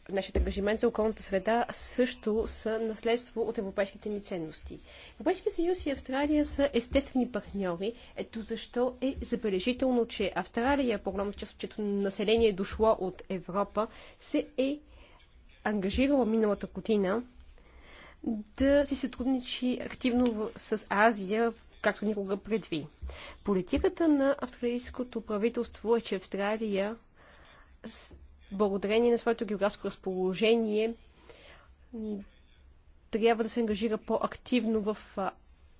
нашият ангажимент за околната среда също са наследство от европейските ни ценности. Европейския съюз и Австралия са естествени партньори. Ето защо е забележително, че Австралия, по голяма част от население е дошло от Европа, се е ангажирала миналата година да си сътрудничи активно с Азия, както никога предви. Политиката на австралийското правителство е, че Австралия, благодарение на своето географско разположение, трябва да се ангажира по-активно в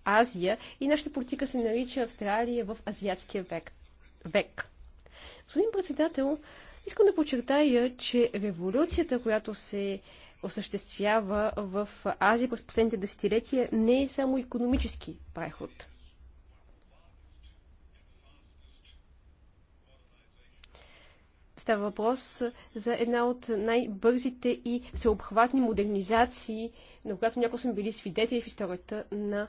Азия и нашата политика се нарича Австралия в азиатския век. век. Господин председател, искам да подчертая, че революцията, която се осъществява в Азия през последните десетилетия, не е само економически преход. Става въпрос за една от най-бързите и всеобхватни модернизации, на която някои сме били свидетели в историята на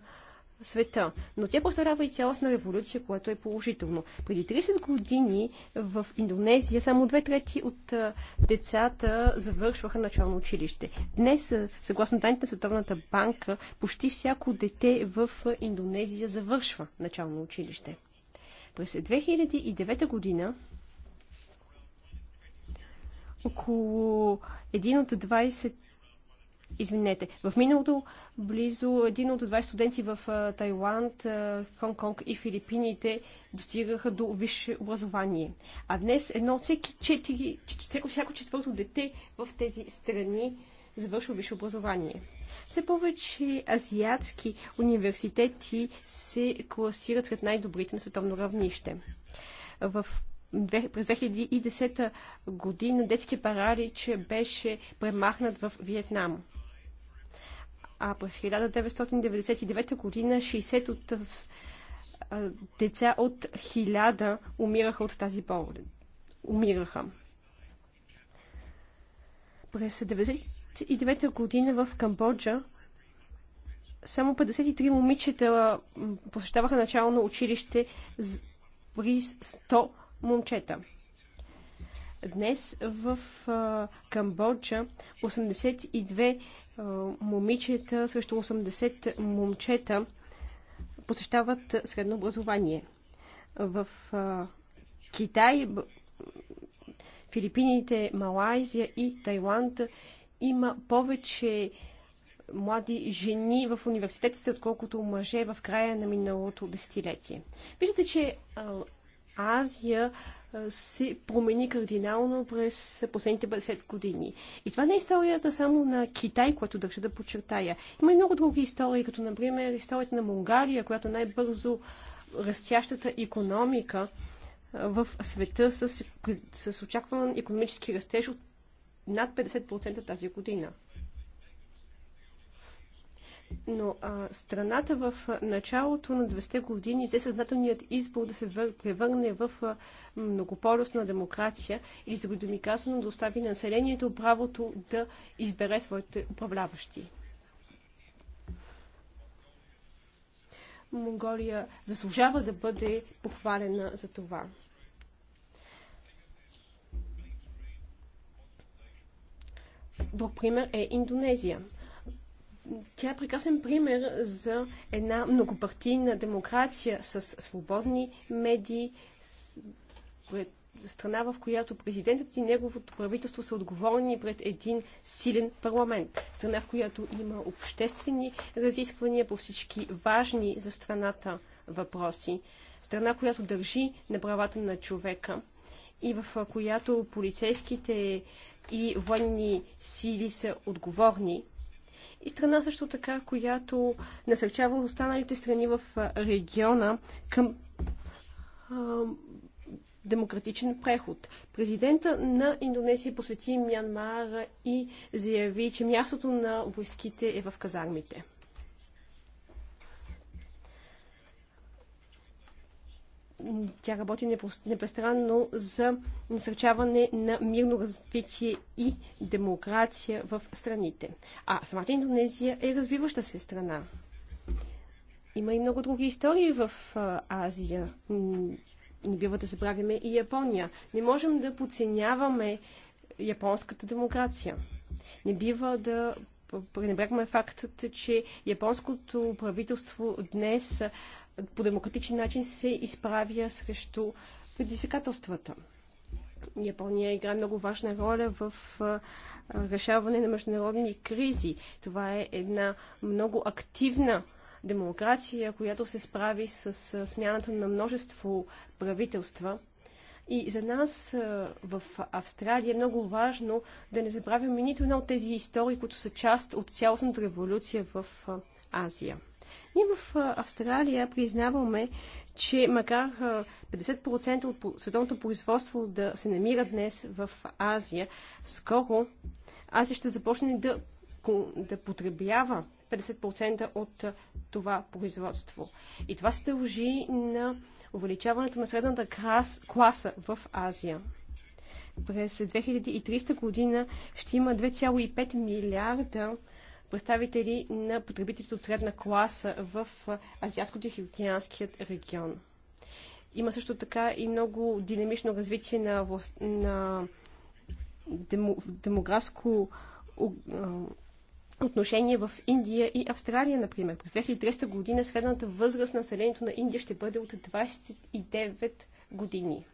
света. Но тя представлява и цялостна революция, което е положително. Преди 30 години в Индонезия само две трети от децата завършваха начално училище. Днес, съгласно данните на Световната банка, почти всяко дете в Индонезия завършва начално училище. През 2009 година около един от 20 Извинете. В миналото близо един от 20 студенти в Тайланд, Хонг-Конг и Филипините достигаха до висше образование. А днес едно от всеки четири, всяко, всяко четвърто дете в тези страни завършва висше образование. Все повече азиатски университети се класират сред най-добрите на световно равнище. В през 2010 година детския паралич беше премахнат в Виетнам а през 1999 година 60 от деца от 1000 умираха от тази болест. Умираха. През 1999 година в Камбоджа само 53 момичета посещаваха начално училище при 100 момчета. Днес в Камбоджа 82 момичета срещу 80 момчета посещават средно образование. В Китай, Филипините, Малайзия и Тайланд има повече млади жени в университетите, отколкото мъже в края на миналото десетилетие. Виждате, че Азия се промени кардинално през последните 50 години. И това не е историята само на Китай, която държа да подчертая. Има и много други истории, като например историята на Монголия, която е най-бързо растящата економика в света с, с очакван економически растеж от над 50% тази година но а, страната в началото на 20-те години взе съзнателният избор да се превърне в многополюсна демокрация или, за да ми казано, да остави населението правото да избере своите управляващи. Монголия заслужава да бъде похвалена за това. Друг пример е Индонезия – тя е прекрасен пример за една многопартийна демокрация с свободни медии, страна, в която президентът и неговото правителство са отговорни пред един силен парламент. Страна, в която има обществени разисквания по всички важни за страната въпроси. Страна, която държи на правата на човека и в която полицейските и военни сили са отговорни и страна също така, която насърчава останалите страни в региона към а, демократичен преход. Президента на Индонезия посвети Мянмара и заяви, че мястото на войските е в казармите. Тя работи непрестранно за насърчаване на мирно развитие и демокрация в страните. А самата Индонезия е развиваща се страна. Има и много други истории в Азия. Не бива да забравяме и Япония. Не можем да подценяваме японската демокрация. Не бива да пренебрегваме фактът, че японското правителство днес по демократичен начин се изправя срещу предизвикателствата. Япония игра много важна роля в решаване на международни кризи. Това е една много активна демокрация, която се справи с смяната на множество правителства. И за нас в Австралия е много важно да не забравяме нито една от тези истории, които са част от цялостната революция в Азия. Ние в Австралия признаваме, че макар 50% от световното производство да се намира днес в Азия, скоро Азия ще започне да, да потребява 50% от това производство. И това се дължи на увеличаването на средната класа в Азия. През 2300 година ще има 2,5 милиарда представители на потребителите от средна класа в Азиатско-Тихоокеанският регион. Има също така и много динамично развитие на, власт, на демо, демографско отношение в Индия и Австралия, например. През 2030 година средната възраст на населението на Индия ще бъде от 29 години.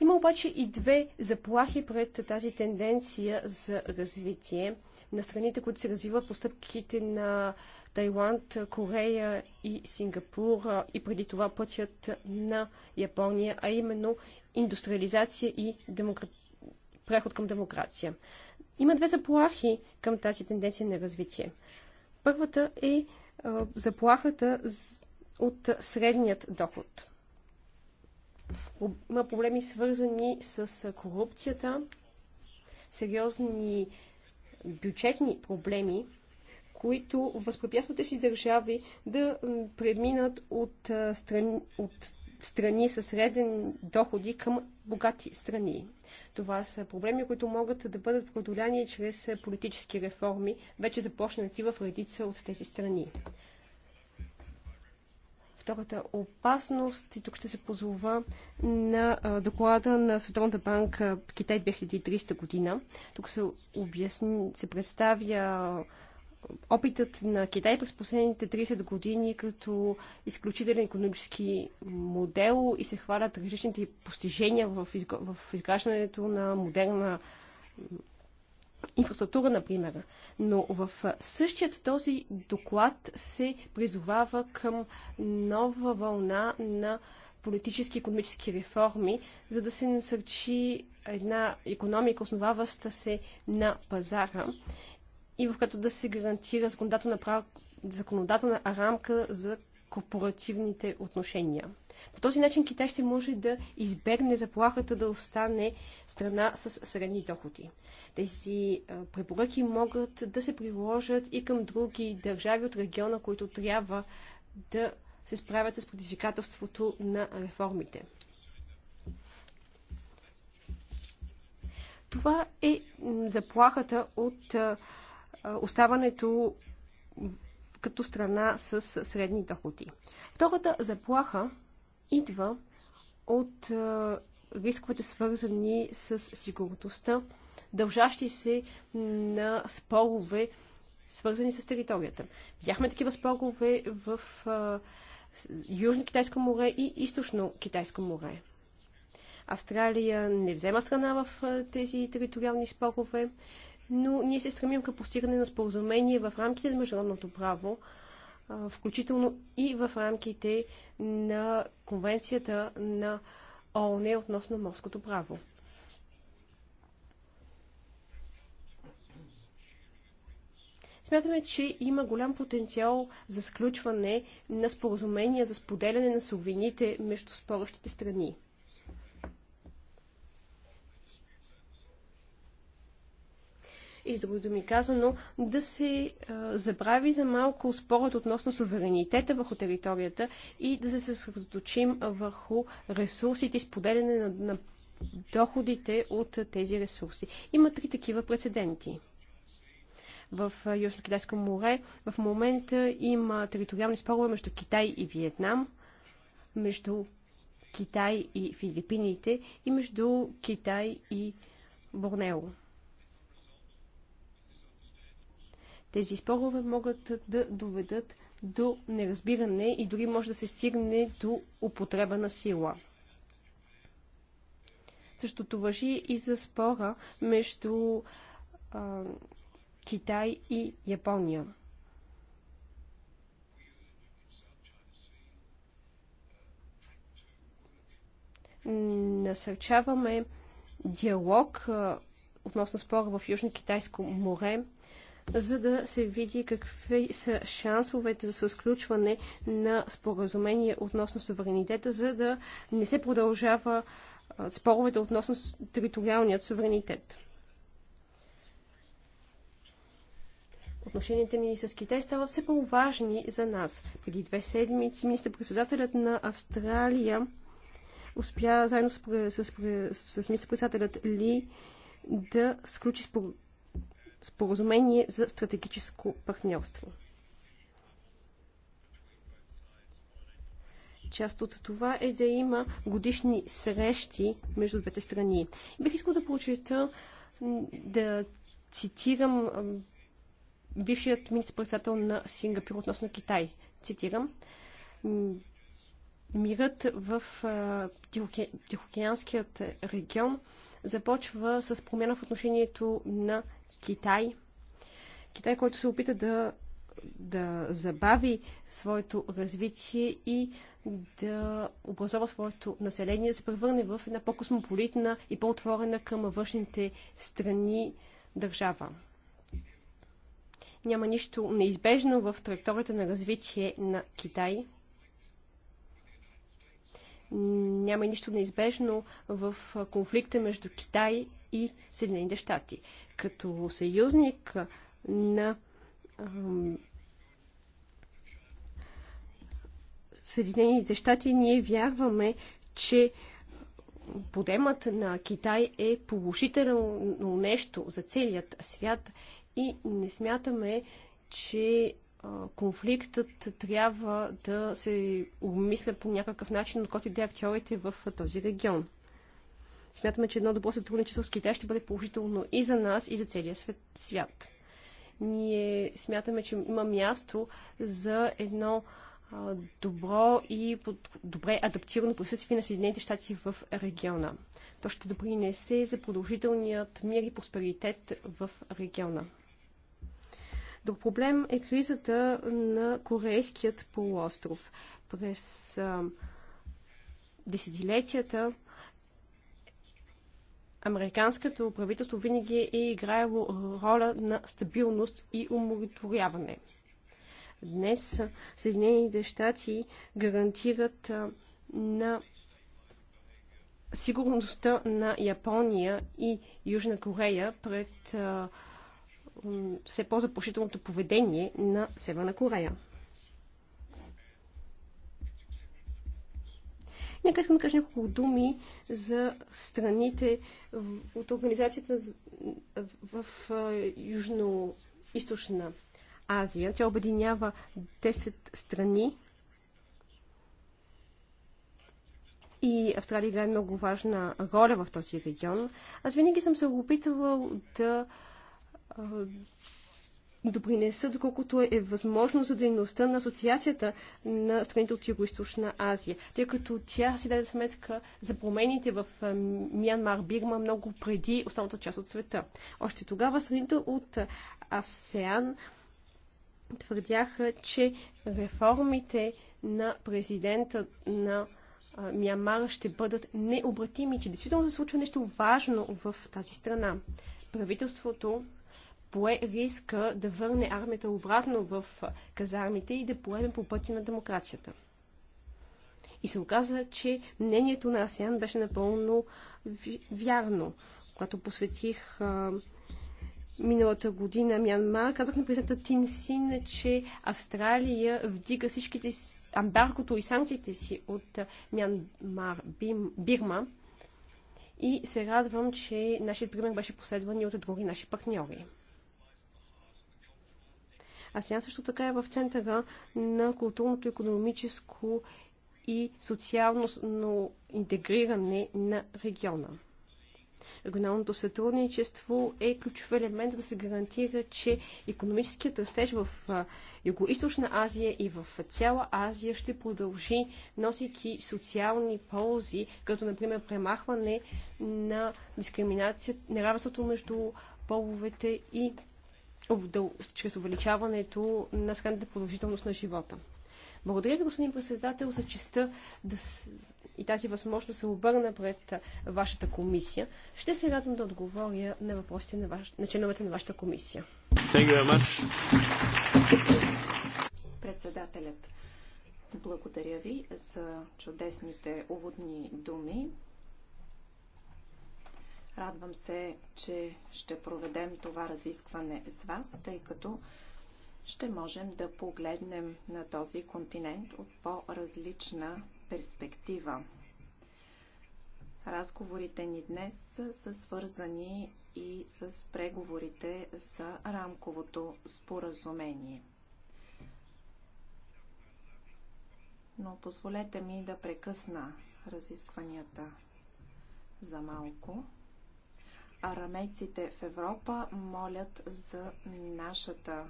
Има обаче и две заплахи пред тази тенденция за развитие на страните, които се развиват по стъпките на Тайланд, Корея и Сингапур и преди това пътят на Япония, а именно индустриализация и демокра... преход към демокрация. Има две заплахи към тази тенденция на развитие. Първата е заплахата от средният доход. Има проблеми свързани с корупцията, сериозни бюджетни проблеми, които възпрепятствате си държави да преминат от, страни, от страни със среден доходи към богати страни. Това са проблеми, които могат да бъдат продоляни чрез политически реформи, вече започнати в редица от тези страни. Втората опасност, и тук ще се позова на доклада на Световната банка Китай 2300 година. Тук се, обясни, се представя опитът на Китай през последните 30 години като изключителен економически модел и се хвалят различните постижения в, в изграждането на модерна инфраструктура, например. Но в същият този доклад се призовава към нова вълна на политически и економически реформи, за да се насърчи една економика, основаваща се на пазара и в като да се гарантира законодателна, прав... законодателна рамка за корпоративните отношения. По този начин Китай ще може да избегне заплахата да остане страна с средни доходи. Тези препоръки могат да се приложат и към други държави от региона, които трябва да се справят с предизвикателството на реформите. Това е заплахата от оставането като страна с средни доходи. Втората заплаха идва от рисковете свързани с сигурността, дължащи се на спорове, свързани с територията. Видяхме такива спорове в Южно Китайско море и Източно Китайско море. Австралия не взема страна в тези териториални спорове, но ние се стремим към постигане на споразумение в рамките на международното право, включително и в рамките на Конвенцията на ООН относно морското право. Смятаме, че има голям потенциал за сключване на споразумения за споделяне на суровините между спорещите страни. и за други думи казано, да се забрави за малко спорът относно суверенитета върху територията и да се съсредоточим върху ресурсите и споделяне на, на доходите от тези ресурси. Има три такива прецеденти в Южно-Китайско море. В момента има териториални спорове между Китай и Виетнам, между Китай и Филипините и между Китай и Борнео. Тези спорове могат да доведат до неразбиране и дори може да се стигне до употреба на сила. Същото въжи и за спора между а, Китай и Япония. Насърчаваме диалог а, относно спора в Южно-Китайско море за да се види какви са шансовете за сключване на споразумение относно суверенитета, за да не се продължава споровете относно териториалният суверенитет. Отношенията ни с Китай стават все по-важни за нас. Преди две седмици министър-председателят на Австралия успя заедно с, с, с, министър-председателят Ли да сключи споразумение споразумение за стратегическо партньорство. Част от това е да има годишни срещи между двете страни. Бих искал да прочета, да цитирам бившият министр-председател на Сингапур относно Китай. Цитирам. Мирът в Тихоокеанският регион започва с промяна в отношението на Китай. Китай, който се опита да, да забави своето развитие и да образова своето население, да се превърне в една по-космополитна и по-отворена към външните страни държава. Няма нищо неизбежно в траекторията на развитие на Китай. Няма нищо неизбежно в конфликта между Китай и Съединените щати. Като съюзник на Съединените щати ние вярваме, че подемът на Китай е положително нещо за целият свят и не смятаме, че конфликтът трябва да се обмисля по някакъв начин, от който и да е актьорите в този регион. Смятаме, че едно добро сътрудничество с Китай ще бъде положително и за нас, и за целия свят. свят. Ние смятаме, че има място за едно а, добро и под, добре адаптирано присъствие на Съединените щати в региона. То ще допринесе за продължителният мир и просперитет в региона. Друг проблем е кризата на Корейският полуостров. През а, десетилетията американското правителство винаги е играело роля на стабилност и умиротворяване. Днес Съединените щати гарантират на сигурността на Япония и Южна Корея пред все по-запушителното поведение на Северна Корея. Нека искам да кажа няколко думи за страните от организацията в, Южно-Източна Азия. Тя обединява 10 страни и Австралия играе много важна роля в този регион. Аз винаги съм се опитвал да допринеса, доколкото е възможно за дейността на Асоциацията на страните от Юго-Источна Азия, тъй като тя си даде сметка за промените в Мянмар, Бирма много преди останалата част от света. Още тогава страните от АСЕАН твърдяха, че реформите на президента на Мянмар ще бъдат необратими, че действително се случва нещо важно в тази страна. Правителството пое риска да върне армията обратно в казармите и да поеме по пътя на демокрацията. И се оказа, че мнението на Асиан беше напълно вярно. Когато посветих а, миналата година Мянмар, казах на президента Тин Син, че Австралия вдига всичките амбаркото и санкциите си от Мянмар, Бирма. И се радвам, че нашият пример беше последван и от други наши партньори. А сега също така е в центъра на културното, економическо и социално интегриране на региона. Регионалното сътрудничество е ключов елемент да се гарантира, че економическият растеж в Юго-Источна Азия и в цяла Азия ще продължи, носики социални ползи, като например премахване на дискриминация, неравенството между половете и чрез увеличаването на средната продължителност на живота. Благодаря ви, господин председател, за честа да с... и тази възможност да се обърна пред вашата комисия. Ще се радвам да отговоря на въпросите на, ваш... на членовете на вашата комисия. Председателят, благодаря ви за чудесните уводни думи. Радвам се, че ще проведем това разискване с вас, тъй като ще можем да погледнем на този континент от по-различна перспектива. Разговорите ни днес са свързани и с преговорите за рамковото споразумение. Но позволете ми да прекъсна разискванията за малко. Арамейците в Европа молят за нашата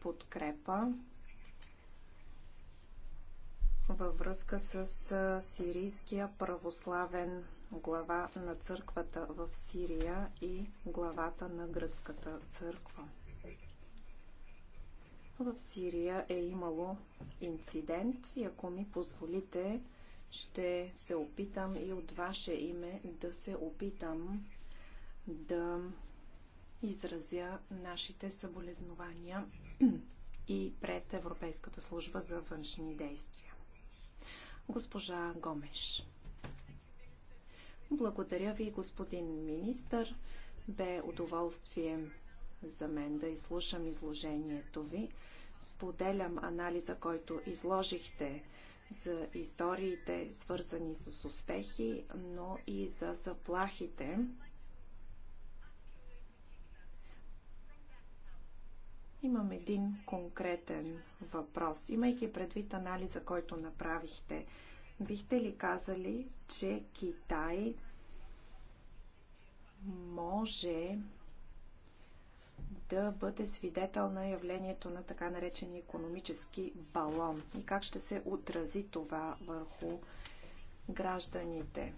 подкрепа във връзка с сирийския православен глава на църквата в Сирия и главата на гръцката църква. В Сирия е имало инцидент и ако ми позволите, ще се опитам и от ваше име да се опитам да изразя нашите съболезнования и пред Европейската служба за външни действия. Госпожа Гомеш. Благодаря ви, господин министър. Бе удоволствие за мен да изслушам изложението ви. Споделям анализа, който изложихте за историите, свързани с успехи, но и за заплахите, Имам един конкретен въпрос. Имайки предвид анализа, който направихте, бихте ли казали, че Китай може да бъде свидетел на явлението на така наречения економически балон и как ще се отрази това върху гражданите?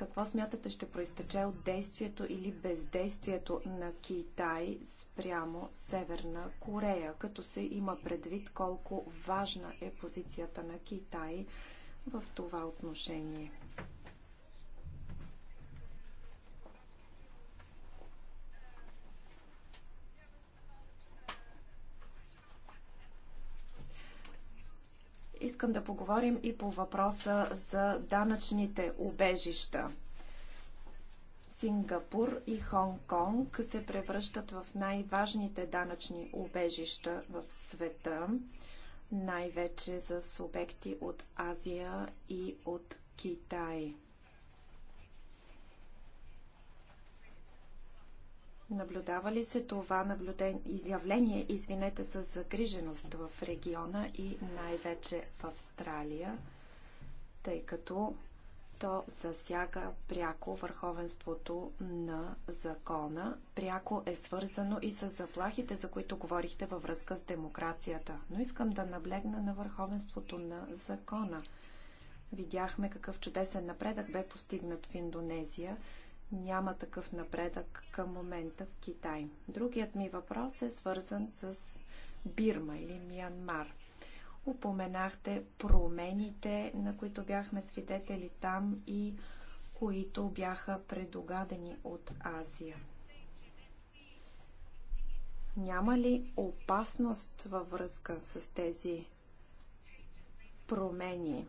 Какво смятате ще проистече от действието или бездействието на Китай спрямо Северна Корея, като се има предвид колко важна е позицията на Китай в това отношение? Искам да поговорим и по въпроса за данъчните убежища. Сингапур и Хонг Конг се превръщат в най-важните данъчни убежища в света, най-вече за субекти от Азия и от Китай. Наблюдава ли се това наблюден... изявление, извинете, с загриженост в региона и най-вече в Австралия, тъй като то засяга пряко върховенството на закона, пряко е свързано и с заплахите, за които говорихте във връзка с демокрацията. Но искам да наблегна на върховенството на закона. Видяхме какъв чудесен напредък бе постигнат в Индонезия – няма такъв напредък към момента в Китай. Другият ми въпрос е свързан с Бирма или Миянмар. Упоменахте промените, на които бяхме свидетели там и които бяха предугадени от Азия. Няма ли опасност във връзка с тези промени?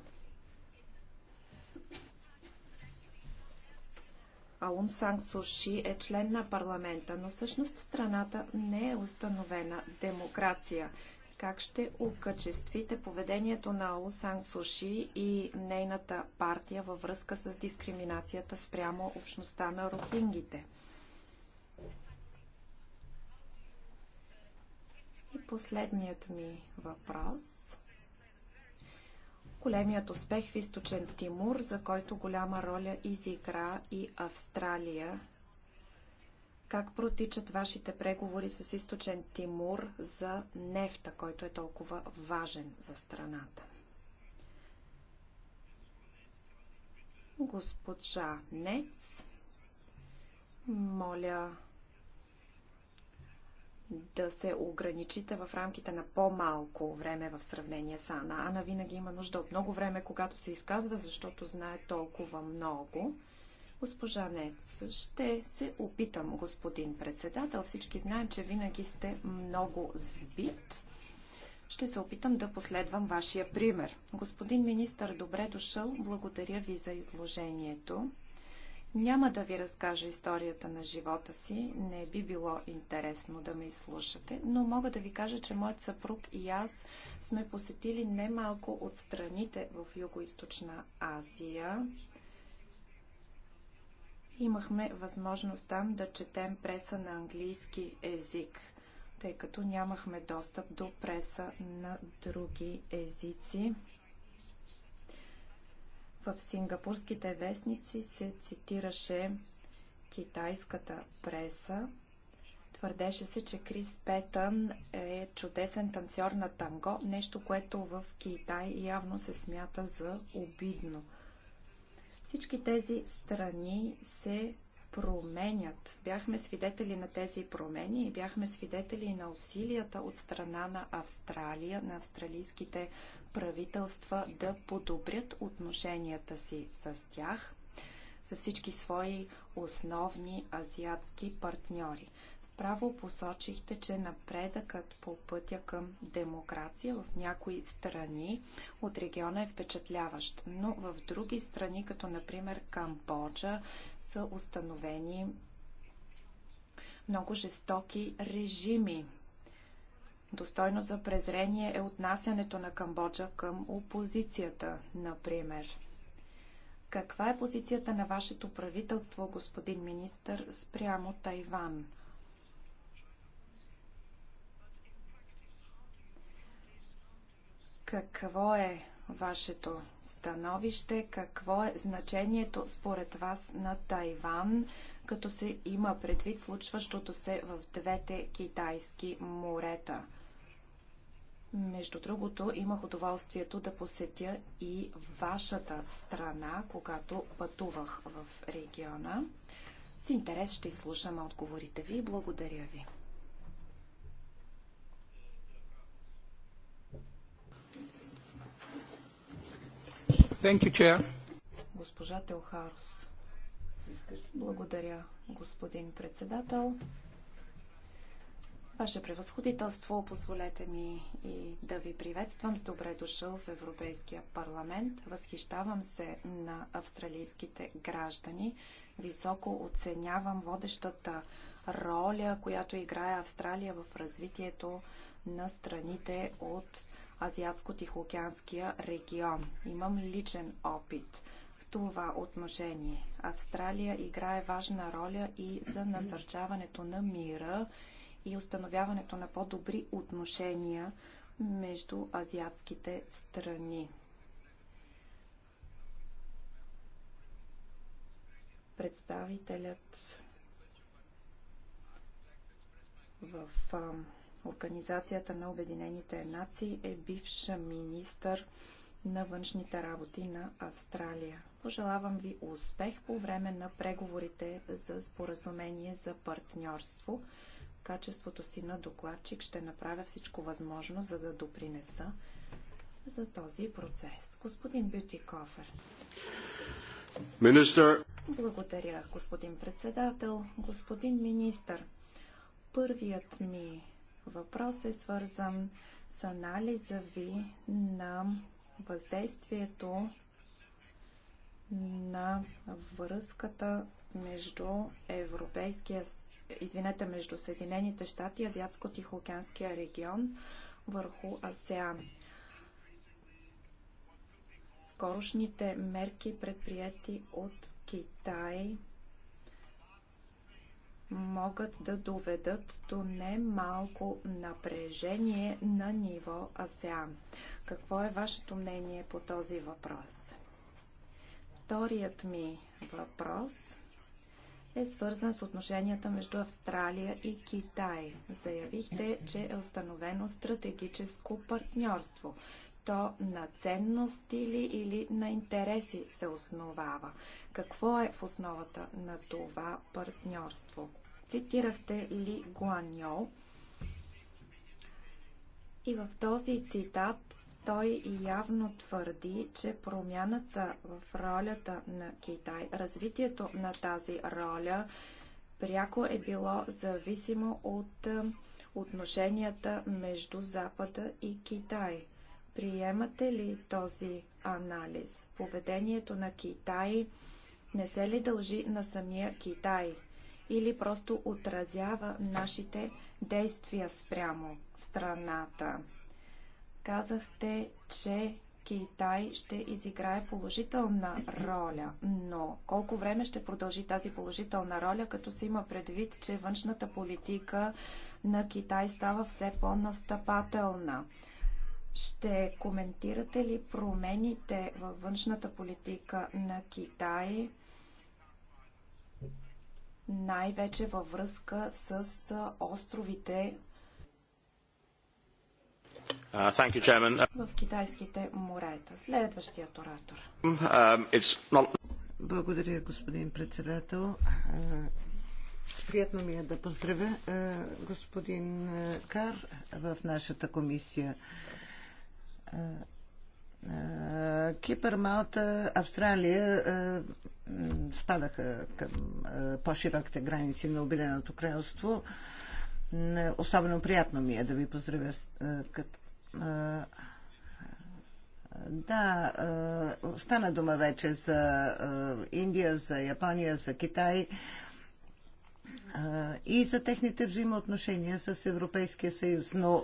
Аун Сан Суши е член на парламента, но всъщност страната не е установена демокрация. Как ще окачествите поведението на Аун Сан Суши и нейната партия във връзка с дискриминацията спрямо общността на рохингите? И последният ми въпрос Големият успех в източен Тимур, за който голяма роля изигра и Австралия. Как протичат вашите преговори с източен Тимур за нефта, който е толкова важен за страната? Госпожа Нец, моля да се ограничите в рамките на по-малко време в сравнение с Ана. Ана винаги има нужда от много време, когато се изказва, защото знае толкова много. Госпожа Нец, ще се опитам, господин председател. Всички знаем, че винаги сте много сбит. Ще се опитам да последвам вашия пример. Господин министър, добре дошъл. Благодаря ви за изложението. Няма да ви разкажа историята на живота си, не би било интересно да ме изслушате, но мога да ви кажа, че моят съпруг и аз сме посетили немалко от страните в Юго-Источна Азия. Имахме възможност там да четем преса на английски език, тъй като нямахме достъп до преса на други езици. В сингапурските вестници се цитираше китайската преса. Твърдеше се, че Крис Петън е чудесен танцор на танго, нещо, което в Китай явно се смята за обидно. Всички тези страни се променят. Бяхме свидетели на тези промени и бяхме свидетели на усилията от страна на Австралия, на австралийските правителства да подобрят отношенията си с тях, с всички свои основни азиатски партньори. Справо посочихте, че напредъкът по пътя към демокрация в някои страни от региона е впечатляващ, но в други страни, като например Камбоджа, са установени много жестоки режими. Достойно за презрение е отнасянето на Камбоджа към опозицията, например. Каква е позицията на вашето правителство, господин министър, спрямо Тайван? Какво е вашето становище? Какво е значението според вас на Тайван, като се има предвид случващото се в двете китайски морета? Между другото, имах удоволствието да посетя и вашата страна, когато пътувах в региона. С интерес ще изслушам отговорите ви. Благодаря ви. Thank you, chair. Госпожа Телхарус. Благодаря, господин председател. Ваше превъзходителство, позволете ми и да ви приветствам с добре дошъл в Европейския парламент. Възхищавам се на австралийските граждани. Високо оценявам водещата роля, която играе Австралия в развитието на страните от Азиатско-Тихоокеанския регион. Имам личен опит в това отношение. Австралия играе важна роля и за насърчаването на мира и установяването на по-добри отношения между азиатските страни. Представителят в Организацията на Обединените нации е бивш министър на външните работи на Австралия. Пожелавам ви успех по време на преговорите за споразумение за партньорство качеството си на докладчик ще направя всичко възможно, за да допринеса за този процес. Господин Бютикофер. Министър. Благодаря, господин председател. Господин министър, първият ми въпрос е свързан с анализа ви на въздействието на връзката между Европейския извинете, между Съединените щати и Азиатско-Тихоокеанския регион върху АСЕАН. Скорошните мерки, предприяти от Китай, могат да доведат до немалко напрежение на ниво АСЕАН. Какво е вашето мнение по този въпрос? Вторият ми въпрос е свързан с отношенията между Австралия и Китай. Заявихте, че е установено стратегическо партньорство. То на ценности ли или на интереси се основава? Какво е в основата на това партньорство? Цитирахте Ли Гуаньо и в този цитат той явно твърди, че промяната в ролята на Китай, развитието на тази роля, пряко е било зависимо от е, отношенията между Запада и Китай. Приемате ли този анализ? Поведението на Китай не се ли дължи на самия Китай или просто отразява нашите действия спрямо страната? Казахте, че Китай ще изиграе положителна роля, но колко време ще продължи тази положителна роля, като се има предвид, че външната политика на Китай става все по-настъпателна? Ще коментирате ли промените във външната политика на Китай, най-вече във връзка с островите Uh, you, uh, в китайските морета. Следващият оратор. Um, Благодаря, господин председател. Uh, приятно ми е да поздравя господин Кар в нашата комисия. Кипър, Малта, Австралия спадаха към по-широките граници на Обединеното кралство. Особено приятно ми е да ви поздравя. Да, стана дума вече за Индия, за Япония, за Китай и за техните взаимоотношения с Европейския съюз. Но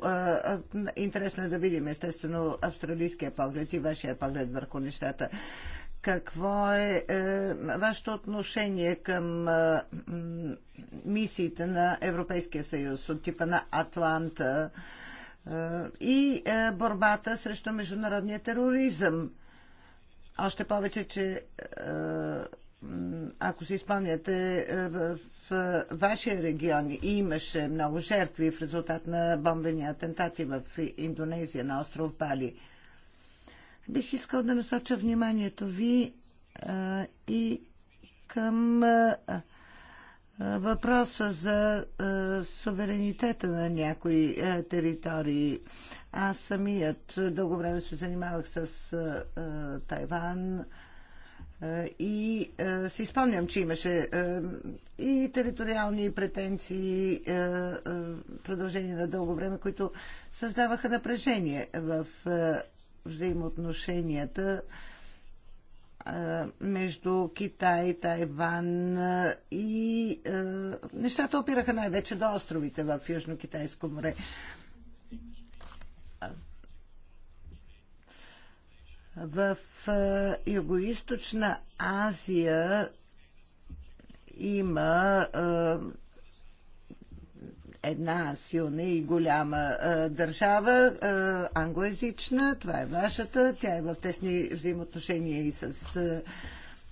интересно е да видим, естествено, австралийския поглед и вашия поглед върху нещата. Какво е, е вашето отношение към е, мисиите на Европейския съюз от типа на Атланта е, и е, борбата срещу международния тероризъм? Още повече, че е, ако си спомняте, е, в вашия регион имаше много жертви в резултат на бомбени атентати в Индонезия на остров Бали. Бих искал да насоча вниманието ви а, и към а, въпроса за а, суверенитета на някои а, територии. Аз самият дълго време се занимавах с а, а, Тайван а, и а, си спомням, че имаше а, и териториални претенции а, а, продължение на дълго време, които създаваха напрежение в а, взаимоотношенията между Китай, Тайван и е, нещата опираха най-вече до островите в Южно-Китайско море. В е, юго источна Азия има е, една силна и голяма а, държава, а, англоязична, това е вашата, тя е в тесни взаимоотношения и с а,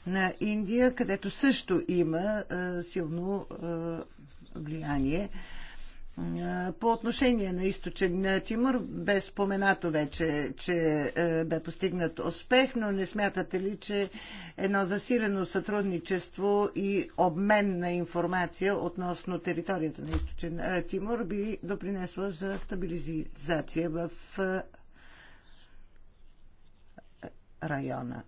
на Индия, където също има а, силно а, влияние по отношение на източен Тимур, бе споменато вече, че е, бе постигнат успех, но не смятате ли, че едно засилено сътрудничество и обмен на информация относно територията на източен е, Тимур би допринесло за стабилизация в е, района?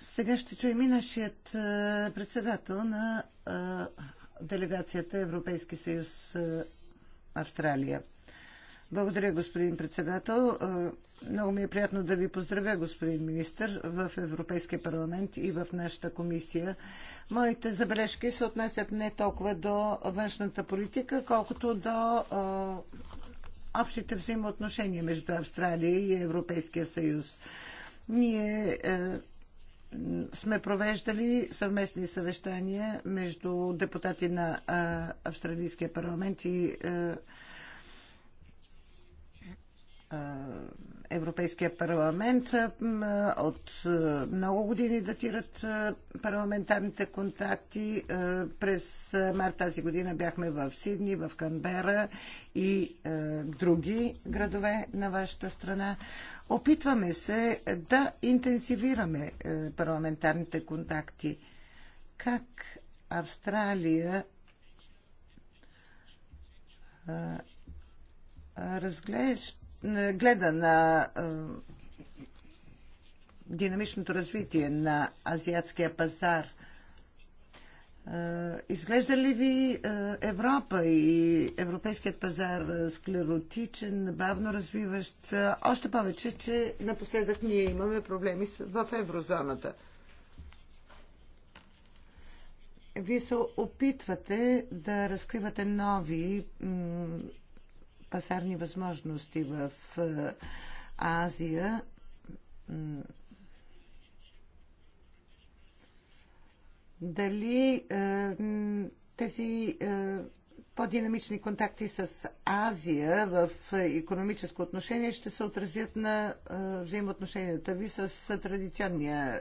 Сега ще чуем и нашият председател на делегацията Европейски съюз е, Австралия. Благодаря, господин председател. Е, много ми е приятно да ви поздравя, господин министр, в Европейския парламент и в нашата комисия. Моите забележки се отнесят не толкова до външната политика, колкото до е, общите взаимоотношения между Австралия и Европейския съюз. Ние сме провеждали съвместни съвещания между депутати на Австралийския парламент и Европейския парламент. От е, много години датират е, парламентарните контакти. Е, през март тази година бяхме в Сидни, в Канбера и други градове на вашата страна. Опитваме се да интенсивираме парламентарните контакти. Как Австралия разглежда гледа на динамичното развитие на азиатския пазар, изглежда ли ви Европа и европейският пазар склеротичен, бавно развиващ още повече, че напоследък ние имаме проблеми в еврозоната? Вие се опитвате да разкривате нови пазарни възможности в е, Азия. Дали е, тези е, по-динамични контакти с Азия в економическо отношение ще се отразят на взаимоотношенията ви с традиционния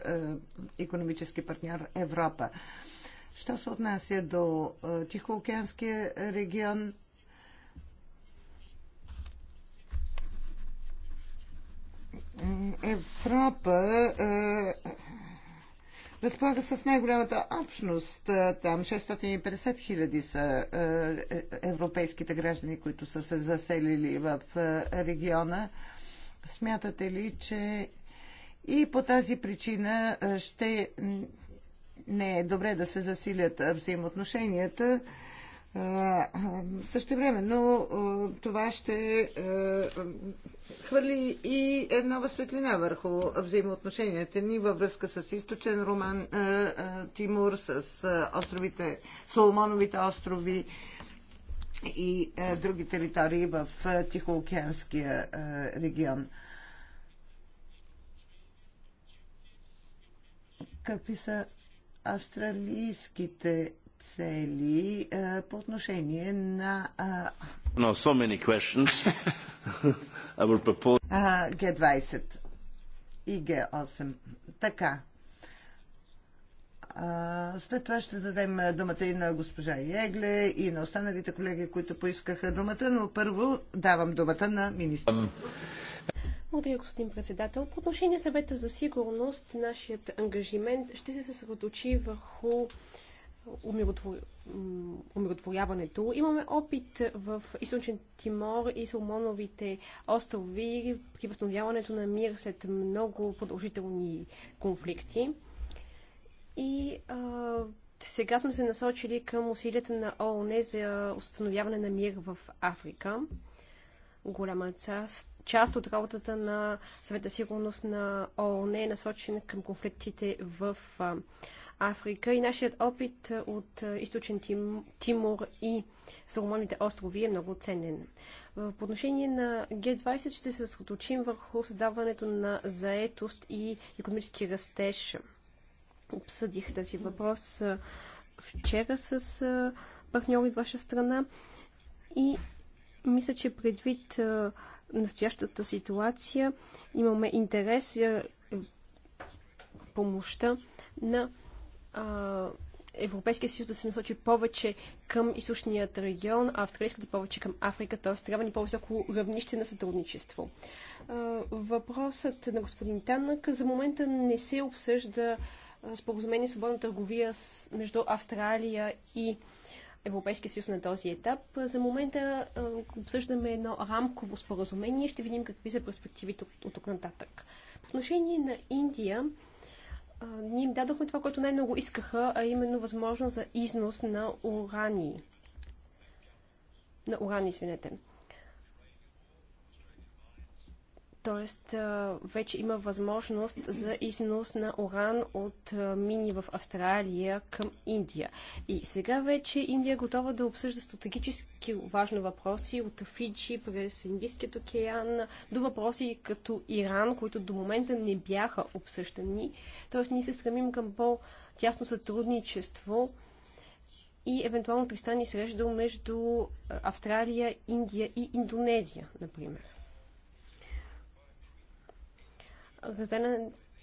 економически партньор Европа. Що се отнася до Тихоокеанския регион, Европа е, разполага с най-голямата общност. Е, там 650 хиляди са е, европейските граждани, които са се заселили в региона. Смятате ли, че и по тази причина ще не е добре да се засилят взаимоотношенията също време, но това ще хвърли и нова светлина върху взаимоотношенията ни във връзка с източен Роман Тимур, с островите, Соломоновите острови и други територии в Тихоокеанския регион. Какви са австралийските цели по отношение на no, so many questions. I will propose... G20 и G8. Така. След това ще дадем думата и на госпожа Егле и на останалите колеги, които поискаха думата, но първо давам думата на министър. Благодаря, господин председател. По отношение на съвета за сигурност, нашият ангажимент ще се съсредоточи върху умиротворяването. Имаме опит в източен Тимор и Соломоновите острови при възстановяването на мир след много продължителни конфликти. И а, сега сме се насочили към усилията на ООН за установяване на мир в Африка. Голяма част, част от работата на съвета сигурност на ООН е насочена към конфликтите в а, Африка и нашият опит е, от е, източен Тим, Тимур и Соломоните острови е много ценен. В е, отношение на Г20 ще се съсредоточим върху създаването на заетост и економически растеж. Обсъдих тази въпрос вчера с партньори от ваша страна и мисля, че предвид настоящата ситуация имаме интерес помощта на Европейския съюз да се насочи повече към източният регион, а австралийската е повече към Африка, т.е. трябва ни по-високо равнище на сътрудничество. Въпросът на господин Танък за момента не се обсъжда споразумение свободна търговия между Австралия и Европейския съюз на този етап. За момента обсъждаме едно рамково споразумение. Ще видим какви са перспективите от тук нататък. По отношение на Индия, ние им дадохме това, което най-много искаха, а именно възможност за износ на урани. На урани, извинете. Т.е. вече има възможност за износ на уран от мини в Австралия към Индия. И сега вече Индия е готова да обсъжда стратегически важни въпроси от Фиджи през Индийският океан до въпроси като Иран, които до момента не бяха обсъждани. т.е. ние се стремим към по-тясно сътрудничество и евентуално тристани среща между Австралия, Индия и Индонезия, например.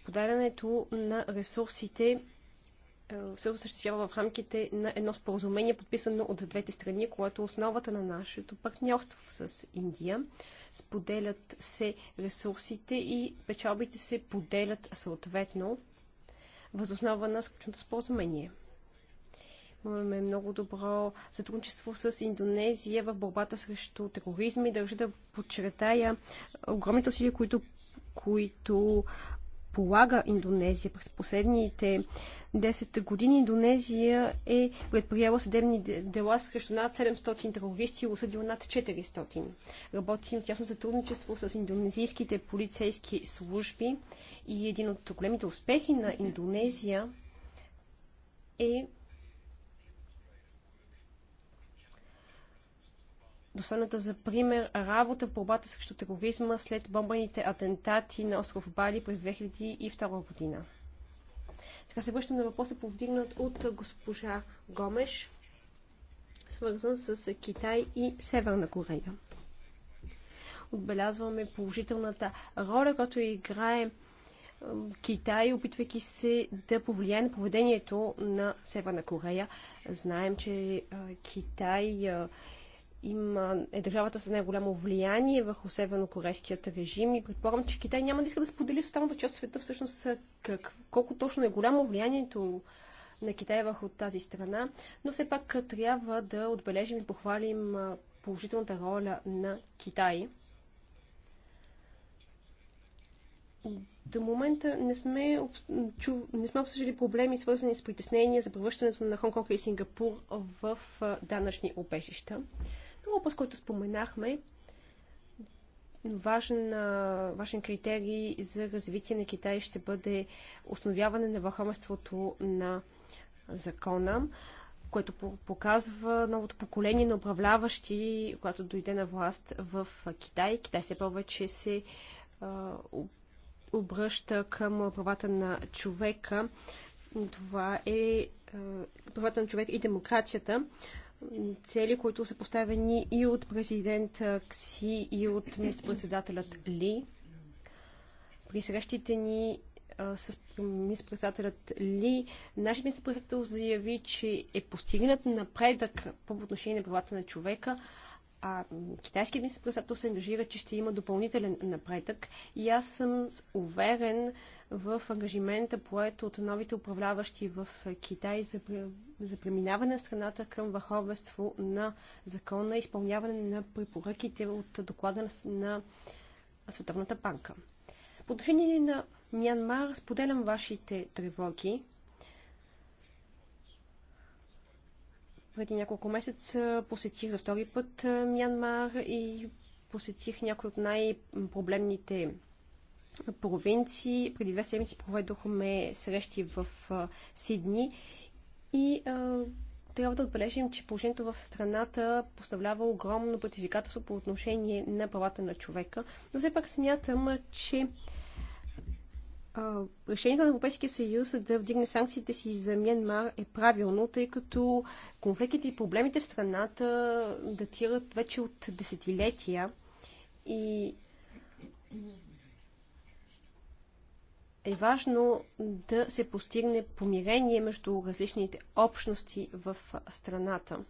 подарянето на ресурсите е, се осъществява в рамките на едно споразумение, подписано от двете страни, което е основата на нашето партньорство с Индия. Споделят се ресурсите и печалбите се поделят съответно възоснова на скучното споразумение. Имаме много добро сътрудничество с Индонезия в борбата срещу тероризма и държа да подчертая огромните усилия, които които полага Индонезия през последните 10 години Индонезия е предприела съдебни дела срещу над 700 терористи и осъдила над 400. Работим в тясно сътрудничество с индонезийските полицейски служби и един от големите успехи на Индонезия е достойната за пример работа в борбата срещу тероризма след бомбаните атентати на остров Бали през 2002 година. Сега се връщам на въпроса, повдигнат от госпожа Гомеш, свързан с Китай и Северна Корея. Отбелязваме положителната роля, която играе Китай, опитвайки се да повлияе на поведението на Северна Корея. Знаем, че Китай има, е държавата с най-голямо влияние върху севернокорейският режим и предполагам, че Китай няма да иска да сподели с останалата част от света всъщност как, колко точно е голямо влиянието на Китай върху тази страна, но все пак трябва да отбележим и похвалим положителната роля на Китай. До момента не сме, чу, не сме обсъждали проблеми, свързани с притеснения за превръщането на Хонконг и Сингапур в данъчни обежища въпрос, който споменахме, важен, важен критерий за развитие на Китай ще бъде установяване на върховенството на закона, което показва новото поколение на управляващи, когато дойде на власт в Китай. Китай все повече се обръща към правата на човека. Това е правата на човека и демокрацията цели, които са поставени и от президент Кси, и от министр-председателят Ли. При срещите ни с министр-председателят Ли, нашият министр-председател заяви, че е постигнат напредък по отношение на правата на човека, а китайският министр председател се ангажира, че ще има допълнителен напредък и аз съм уверен в ангажимента, поето от новите управляващи в Китай за, за преминаване на страната към върховенство на закона и изпълняване на препоръките от доклада на Световната банка. По отношение на Мянмар споделям вашите тревоги. Преди няколко месеца посетих за втори път Мянмар и посетих някои от най-проблемните провинции. Преди две седмици проведохме срещи в Сидни и а, трябва да отбележим, че положението в страната поставлява огромно предизвикателство по отношение на правата на човека, но все пак смятам, че решението на Европейския съюз да вдигне санкциите си за Мянмар е правилно, тъй като конфликтите и проблемите в страната датират вече от десетилетия и е важно да се постигне помирение между различните общности в страната.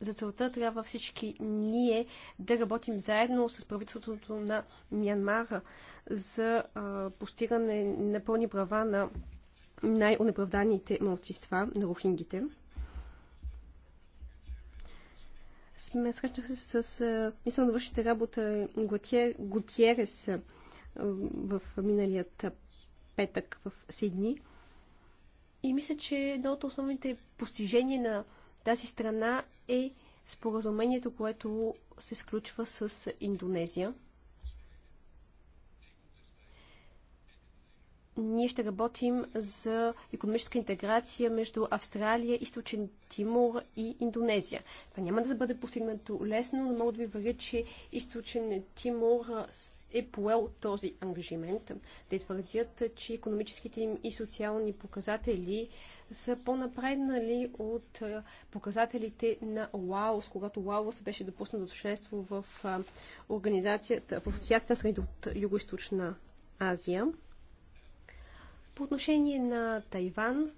За целта трябва всички ние да работим заедно с правителството на Мянмара за а, постигане на пълни права на най-унеправданите младсиства на рухингите. Сме срещнах се с, с мисля на вършите работа Готьер, в миналият петък в Сидни. И мисля, че едно от основните постижения на тази страна е споразумението, което се сключва с Индонезия. ние ще работим за економическа интеграция между Австралия, Източен Тимур и Индонезия. Това няма да бъде постигнато лесно, но мога да ви уверя, че Източен Тимур е поел този ангажимент. Те твърдят, че економическите им и социални показатели са по-напреднали от показателите на Лаос, когато Лаос беше допуснат до членство в организацията, в асоциацията от Юго-Источна Азия. По отношение на Тайван,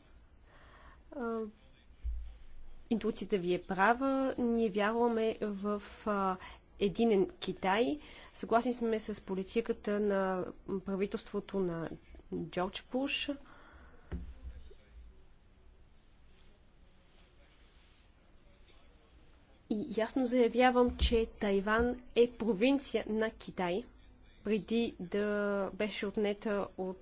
интуицията ви е права. Ние вярваме в единен Китай. Съгласни сме с политиката на правителството на Джордж Буш. И ясно заявявам, че Тайван е провинция на Китай, преди да беше отнета от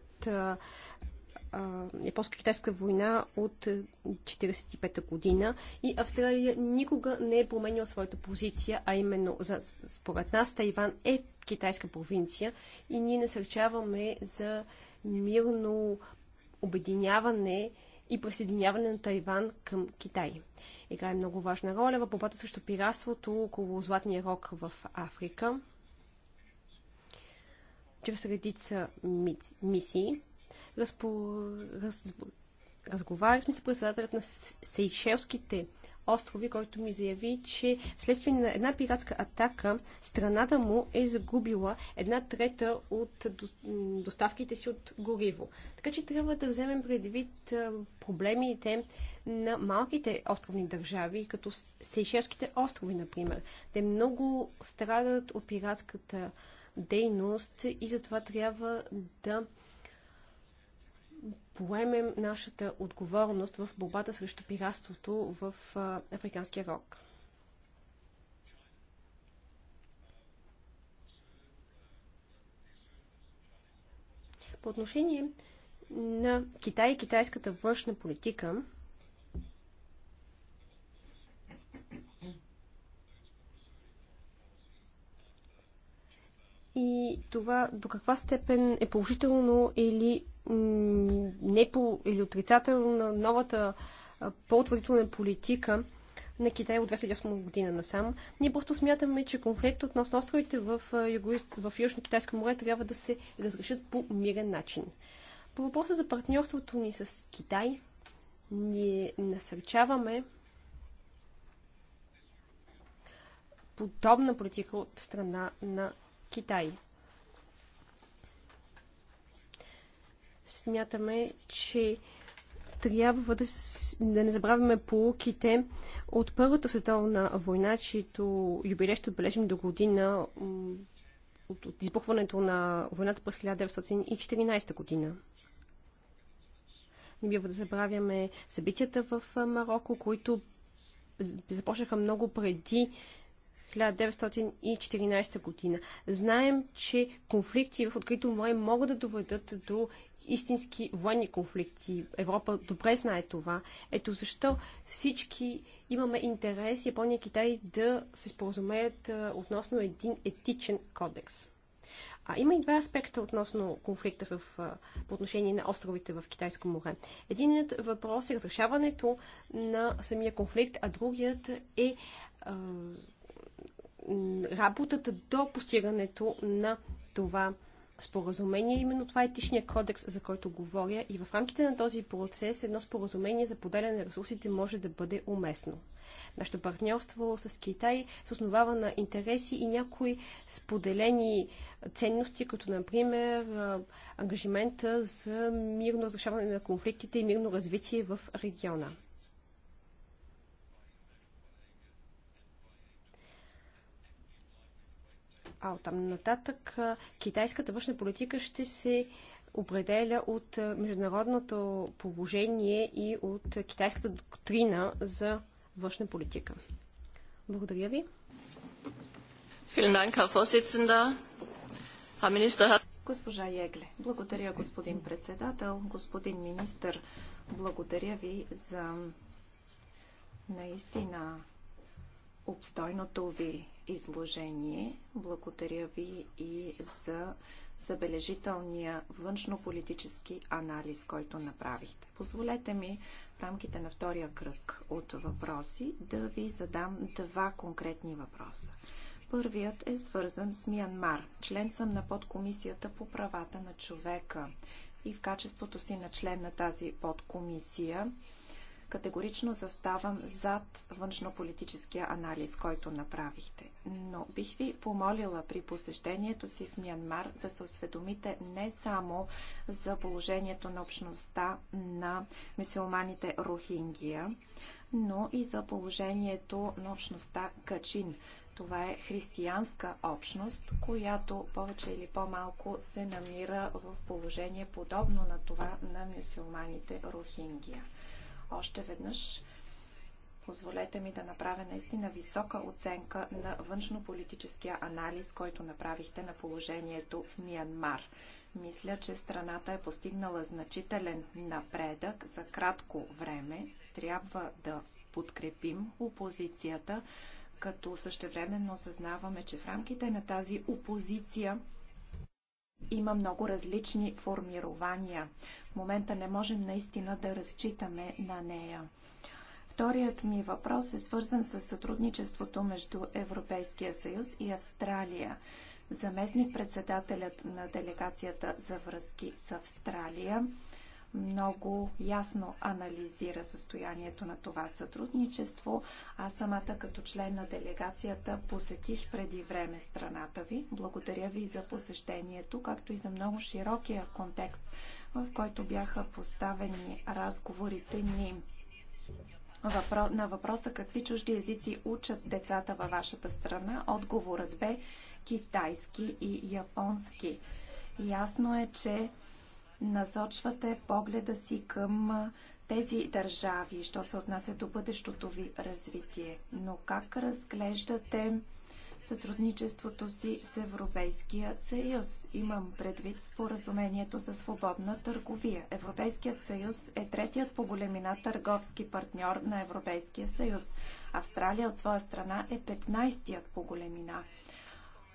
японско-китайска война от 1945 година и Австралия никога не е променила своята позиция, а именно за, според нас Тайван е китайска провинция и ние насърчаваме за мирно обединяване и присъединяване на Тайван към Китай. Играе много важна роля в борбата срещу пиратството около Златния рок в Африка – чрез редица мисии. Разпо... Раз... Разговарях с председателят на Сейшелските острови, който ми заяви, че вследствие на една пиратска атака страната му е загубила една трета от доставките си от гориво. Така че трябва да вземем предвид проблемите на малките островни държави, като Сейшелските острови, например. Те много страдат от пиратската атака дейност и затова трябва да поемем нашата отговорност в борбата срещу пиратството в Африканския рок. По отношение на Китай и китайската външна политика, и това до каква степен е положително или, не по, или отрицателно на новата по-отвратителна политика на Китай от 2008 година насам. Ние просто смятаме, че конфликт относно островите в, юго, в Южно-Китайско море трябва да се разрешат по мирен начин. По въпроса за партньорството ни с Китай, ние насърчаваме подобна политика от страна на Китай. Смятаме, че трябва да, да не забравяме полуките от Първата световна война, чието юбилей ще отбележим до година от, от избухването на войната през 1914 година. Не бива да забравяме събитията в Марокко, които започнаха много преди 1914 година. Знаем, че конфликти в открито море могат да доведат до истински военни конфликти. Европа добре знае това. Ето защо всички имаме интерес Япония и Китай да се споразумеят относно един етичен кодекс. А има и два аспекта относно конфликта в, по отношение на островите в Китайско море. Единият въпрос е разрешаването на самия конфликт, а другият е, е работата до постигането на това споразумение. Именно това е етичния кодекс, за който говоря. И в рамките на този процес едно споразумение за поделяне на ресурсите може да бъде уместно. Нашето партньорство с Китай се основава на интереси и някои споделени ценности, като например ангажимента за мирно разрешаване на конфликтите и мирно развитие в региона. А оттам нататък китайската външна политика ще се определя от международното положение и от китайската доктрина за външна политика. Благодаря ви. Госпожа Егле, благодаря господин председател, господин министр, благодаря ви за наистина обстойното ви изложение. Благодаря ви и за забележителния външнополитически анализ, който направихте. Позволете ми в рамките на втория кръг от въпроси да ви задам два конкретни въпроса. Първият е свързан с Миянмар. Член съм на подкомисията по правата на човека и в качеството си на член на тази подкомисия Категорично заставам зад външнополитическия анализ, който направихте. Но бих ви помолила при посещението си в Мянмар да се осведомите не само за положението на общността на мусулманите Рохингия, но и за положението на общността Качин. Това е християнска общност, която повече или по-малко се намира в положение подобно на това на мюсюлманите Рохингия. Още веднъж позволете ми да направя наистина висока оценка на външнополитическия анализ, който направихте на положението в Миянмар. Мисля, че страната е постигнала значителен напредък за кратко време. Трябва да подкрепим опозицията, като същевременно съзнаваме, че в рамките на тази опозиция има много различни формирования. В момента не можем наистина да разчитаме на нея. Вторият ми въпрос е свързан с сътрудничеството между Европейския съюз и Австралия. Заместник председателят на делегацията за връзки с Австралия много ясно анализира състоянието на това сътрудничество. Аз самата като член на делегацията посетих преди време страната ви. Благодаря ви за посещението, както и за много широкия контекст, в който бяха поставени разговорите ни на въпроса какви чужди езици учат децата във вашата страна, отговорът бе китайски и японски. Ясно е, че насочвате погледа си към тези държави, що се отнася до бъдещото ви развитие. Но как разглеждате сътрудничеството си с Европейския съюз. Имам предвид споразумението за свободна търговия. Европейският съюз е третият по големина търговски партньор на Европейския съюз. Австралия от своя страна е 15-тият по големина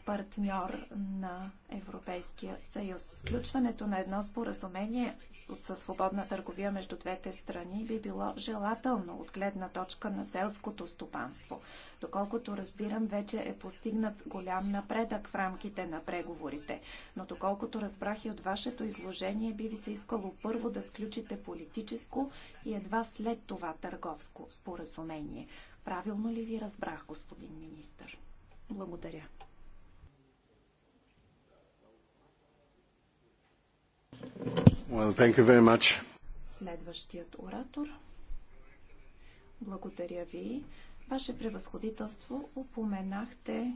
партньор на Европейския съюз. Сключването на едно споразумение със свободна търговия между двете страни би било желателно от гледна точка на селското стопанство. Доколкото разбирам, вече е постигнат голям напредък в рамките на преговорите. Но доколкото разбрах и от вашето изложение, би ви се искало първо да сключите политическо и едва след това търговско споразумение. Правилно ли ви разбрах, господин министър? Благодаря. Well, thank you very much. Следващият оратор. Благодаря ви. Ваше превъзходителство, упоменахте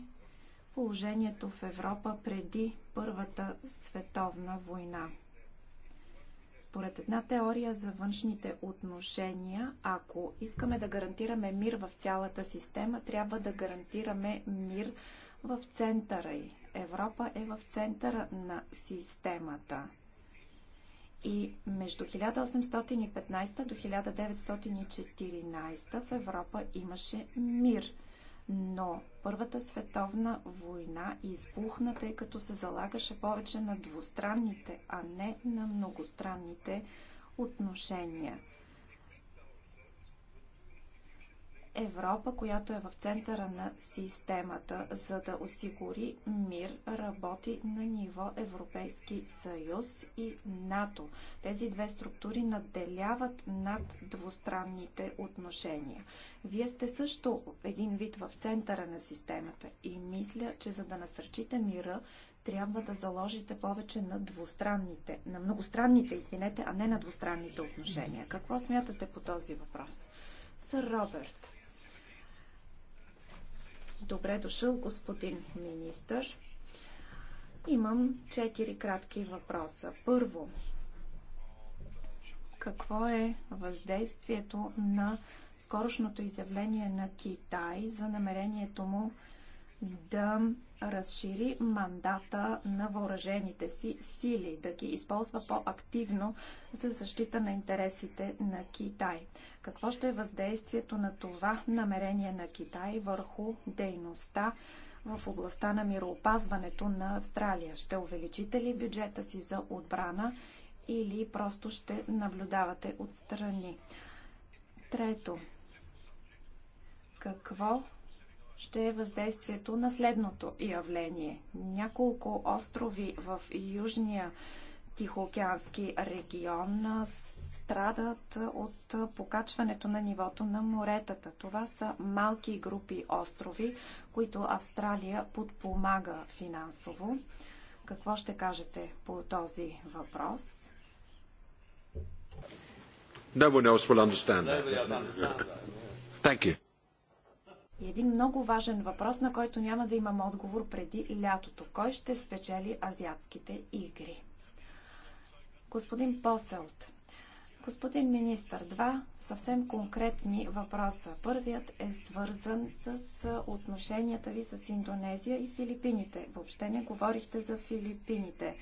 положението в Европа преди Първата световна война. Според една теория за външните отношения, ако искаме да гарантираме мир в цялата система, трябва да гарантираме мир в центъра й. Европа е в центъра на системата. И между 1815 до 1914 в Европа имаше мир. Но Първата световна война избухна, тъй като се залагаше повече на двустранните, а не на многостранните отношения. Европа, която е в центъра на системата, за да осигури мир, работи на ниво Европейски съюз и НАТО. Тези две структури надделяват над двустранните отношения. Вие сте също един вид в центъра на системата и мисля, че за да насърчите мира, трябва да заложите повече на двустранните, на многостранните, извинете, а не на двустранните отношения. Какво смятате по този въпрос? Сър Роберт, Добре дошъл, господин министър. Имам четири кратки въпроса. Първо, какво е въздействието на скорошното изявление на Китай за намерението му да разшири мандата на въоръжените си сили, да ги използва по-активно за защита на интересите на Китай. Какво ще е въздействието на това намерение на Китай върху дейността в областта на мироопазването на Австралия? Ще увеличите ли бюджета си за отбрана или просто ще наблюдавате отстрани? Трето, какво ще е въздействието на следното явление. Няколко острови в Южния Тихоокеански регион страдат от покачването на нивото на моретата. Това са малки групи острови, които Австралия подпомага финансово. Какво ще кажете по този въпрос? No one else will understand that. Thank you. И един много важен въпрос, на който няма да имам отговор преди лятото. Кой ще спечели азиатските игри? Господин Поселт, господин министр, два съвсем конкретни въпроса. Първият е свързан с отношенията ви с Индонезия и Филипините. Въобще не говорихте за Филипините.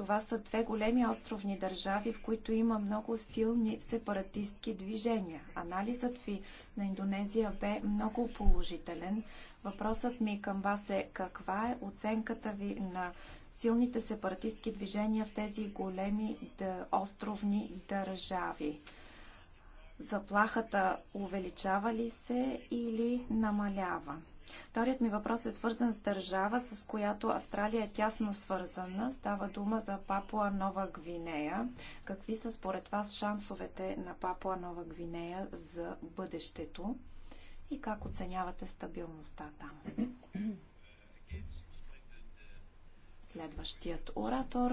Това са две големи островни държави, в които има много силни сепаратистки движения. Анализът ви на Индонезия бе много положителен. Въпросът ми към вас е каква е оценката ви на силните сепаратистки движения в тези големи островни държави? Заплахата увеличава ли се или намалява? Вторият ми въпрос е свързан с държава, с която Австралия е тясно свързана. Става дума за Папуа Нова Гвинея. Какви са според вас шансовете на Папуа Нова Гвинея за бъдещето и как оценявате стабилността там? Следващият оратор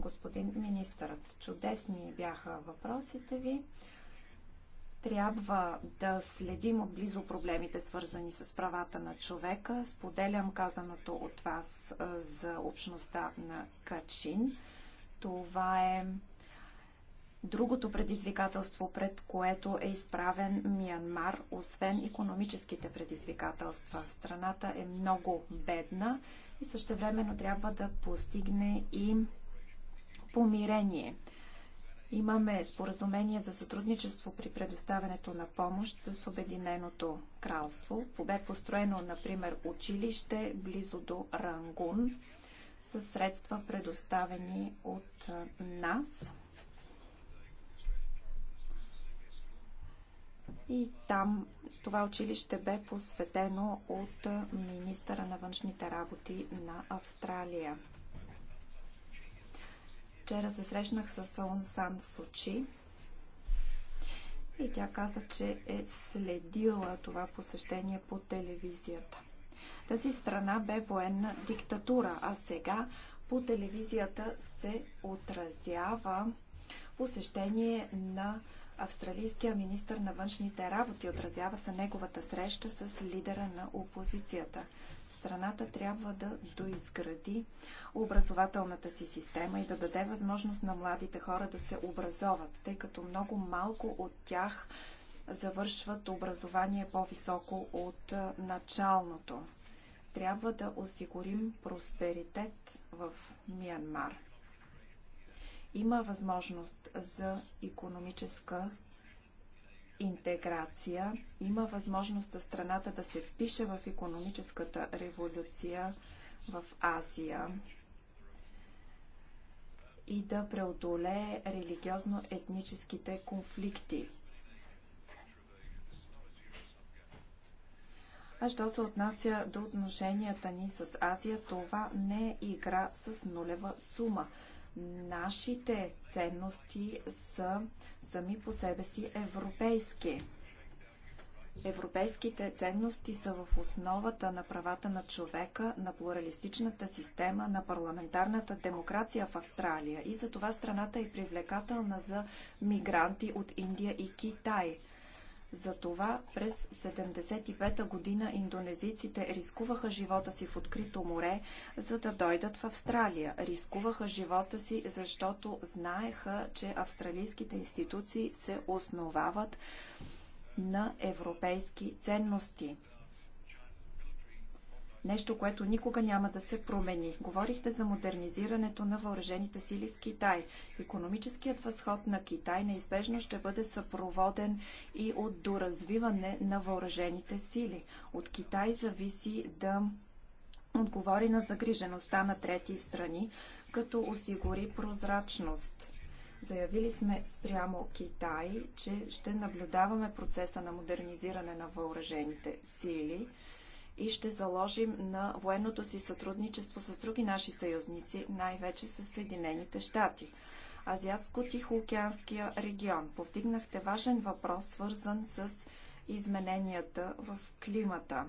господин министърът. Чудесни бяха въпросите ви. Трябва да следим отблизо проблемите, свързани с правата на човека. Споделям казаното от вас за общността на Качин. Това е Другото предизвикателство, пред което е изправен Миянмар, освен економическите предизвикателства, страната е много бедна и същевременно трябва да постигне и помирение. Имаме споразумение за сътрудничество при предоставянето на помощ с Обединеното кралство. Бе построено, например, училище близо до Рангун с средства предоставени от нас. И там това училище бе посветено от министъра на външните работи на Австралия. Вчера се срещнах с Аун Сан Сучи и тя каза, че е следила това посещение по телевизията. Тази страна бе военна диктатура, а сега по телевизията се отразява посещение на австралийския министр на външните работи. Отразява се неговата среща с лидера на опозицията страната трябва да доизгради образователната си система и да даде възможност на младите хора да се образоват, тъй като много малко от тях завършват образование по-високо от началното. Трябва да осигурим просперитет в Миянмар. Има възможност за економическа интеграция има възможност за страната да се впише в економическата революция в Азия и да преодолее религиозно-етническите конфликти. А що се отнася до отношенията ни с Азия, това не е игра с нулева сума. Нашите ценности са сами по себе си европейски. Европейските ценности са в основата на правата на човека, на плуралистичната система, на парламентарната демокрация в Австралия. И за това страната е привлекателна за мигранти от Индия и Китай – затова през 75-та година индонезийците рискуваха живота си в открито море, за да дойдат в Австралия. Рискуваха живота си, защото знаеха, че австралийските институции се основават на европейски ценности. Нещо, което никога няма да се промени. Говорихте за модернизирането на въоръжените сили в Китай. Економическият възход на Китай неизбежно ще бъде съпроводен и от доразвиване на въоръжените сили. От Китай зависи да отговори на загрижеността на трети страни, като осигури прозрачност. Заявили сме спрямо Китай, че ще наблюдаваме процеса на модернизиране на въоръжените сили – и ще заложим на военното си сътрудничество с други наши съюзници, най-вече с Съединените щати. Азиатско-Тихоокеанския регион. Повдигнахте важен въпрос, свързан с измененията в климата.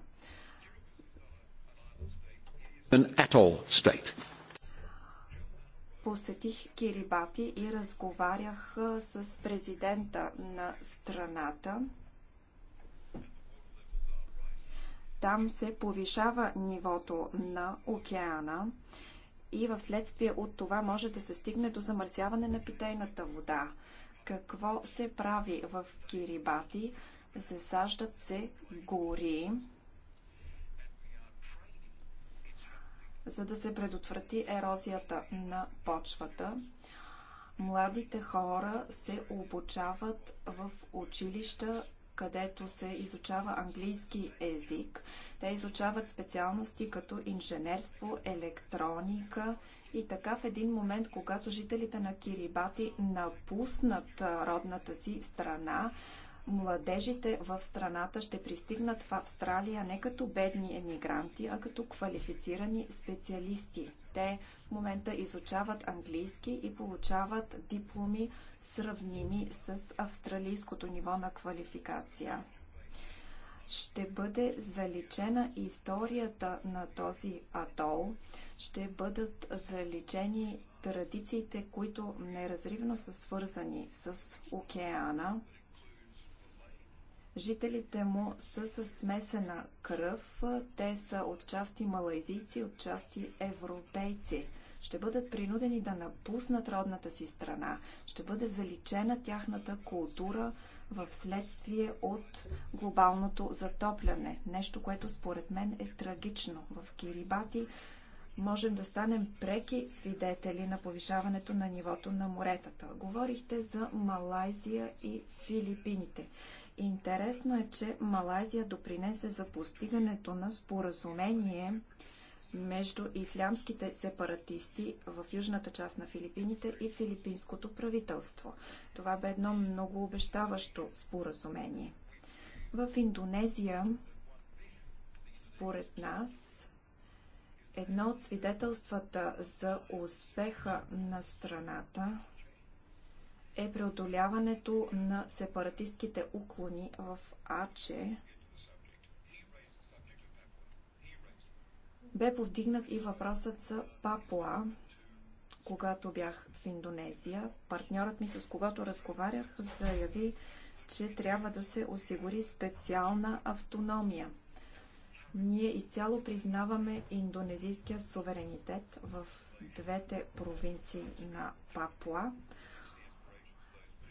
Посетих Кирибати и разговарях с президента на страната. Там се повишава нивото на океана и в следствие от това може да се стигне до замърсяване на питейната вода. Какво се прави в Кирибати? Засаждат се гори, за да се предотврати ерозията на почвата. Младите хора се обучават в училища където се изучава английски език. Те изучават специалности като инженерство, електроника и така в един момент, когато жителите на Кирибати напуснат родната си страна, младежите в страната ще пристигнат в Австралия не като бедни емигранти, а като квалифицирани специалисти. Те в момента изучават английски и получават дипломи сравними с австралийското ниво на квалификация. Ще бъде заличена историята на този атол, ще бъдат заличени традициите, които неразривно са свързани с океана – Жителите му са с смесена кръв. Те са отчасти малайзийци, отчасти европейци. Ще бъдат принудени да напуснат родната си страна. Ще бъде заличена тяхната култура в следствие от глобалното затопляне. Нещо, което според мен е трагично. В Кирибати можем да станем преки свидетели на повишаването на нивото на моретата. Говорихте за Малайзия и Филипините. Интересно е, че Малайзия допринесе за постигането на споразумение между ислямските сепаратисти в южната част на Филипините и филипинското правителство. Това бе едно много обещаващо споразумение. В Индонезия, според нас, едно от свидетелствата за успеха на страната е преодоляването на сепаратистките уклони в Аче. Бе повдигнат и въпросът за Папуа, когато бях в Индонезия. Партньорът ми, с когото разговарях, заяви, че трябва да се осигури специална автономия. Ние изцяло признаваме индонезийския суверенитет в двете провинции на Папуа.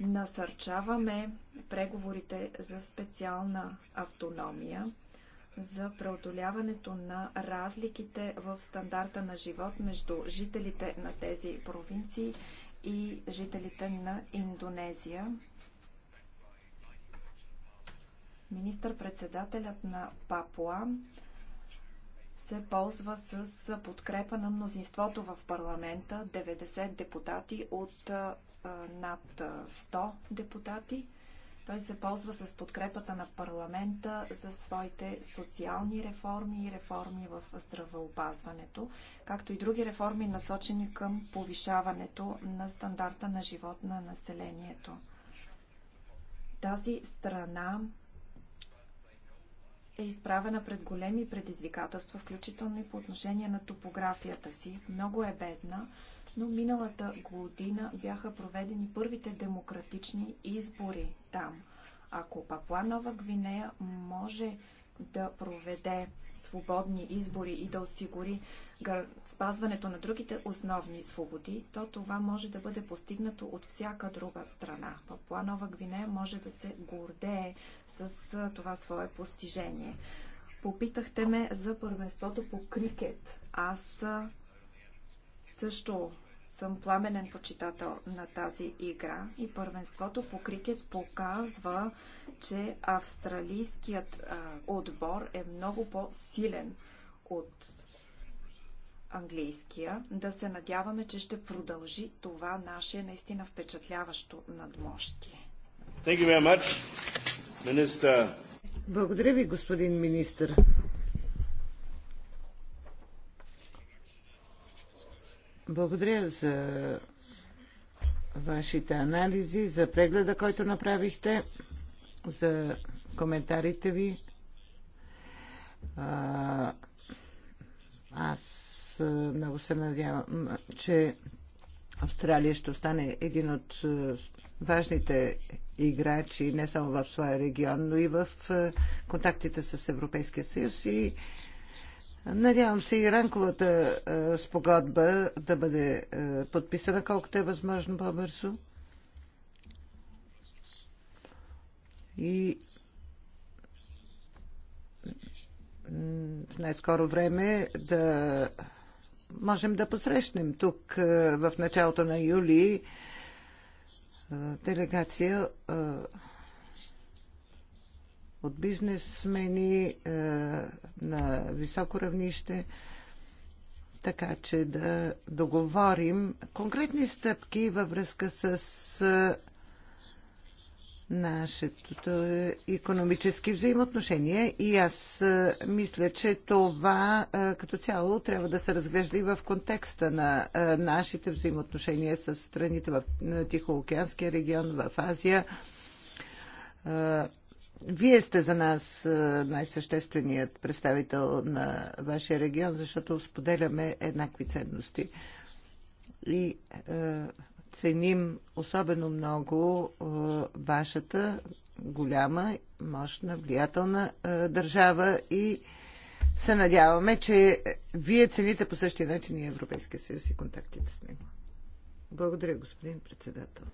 Насърчаваме преговорите за специална автономия, за преодоляването на разликите в стандарта на живот между жителите на тези провинции и жителите на Индонезия. Министър-председателят на Папуа се ползва с подкрепа на мнозинството в парламента, 90 депутати от над 100 депутати. Той се ползва с подкрепата на парламента за своите социални реформи и реформи в здравеопазването, както и други реформи насочени към повишаването на стандарта на живот на населението. Тази страна е изправена пред големи предизвикателства, включително и по отношение на топографията си. Много е бедна, но миналата година бяха проведени първите демократични избори там. Ако Папуа Нова Гвинея може да проведе свободни избори и да осигури спазването на другите основни свободи, то това може да бъде постигнато от всяка друга страна. Папуа Нова Гвинея може да се гордее с това свое постижение. Попитахте ме за първенството по крикет. Аз също съм пламенен почитател на тази игра и първенството по крикет показва, че австралийският а, отбор е много по-силен от английския. Да се надяваме, че ще продължи това наше наистина впечатляващо надмощие. Благодаря ви, господин министър. Благодаря за вашите анализи, за прегледа, който направихте, за коментарите ви. Аз много се надявам, че Австралия ще остане един от важните играчи не само в своя регион, но и в контактите с Европейския съюз и Надявам се и ранковата е, спогодба да бъде е, подписана колкото е възможно по-бързо. И в най-скоро време да можем да посрещнем тук е, в началото на юли делегация от бизнесмени е, на високо равнище, така че да договорим конкретни стъпки във връзка с е, нашето економически взаимоотношения и аз е, мисля, че това като цяло трябва да се разглежда и в контекста на нашите взаимоотношения с страните в Тихоокеанския регион, в Азия. Вие сте за нас е, най-същественият представител на вашия регион, защото споделяме еднакви ценности. И е, ценим особено много е, вашата голяма, мощна, влиятелна е, държава и се надяваме, че вие цените по същия начин и Европейския съюз и контактите с него. Благодаря, господин председател.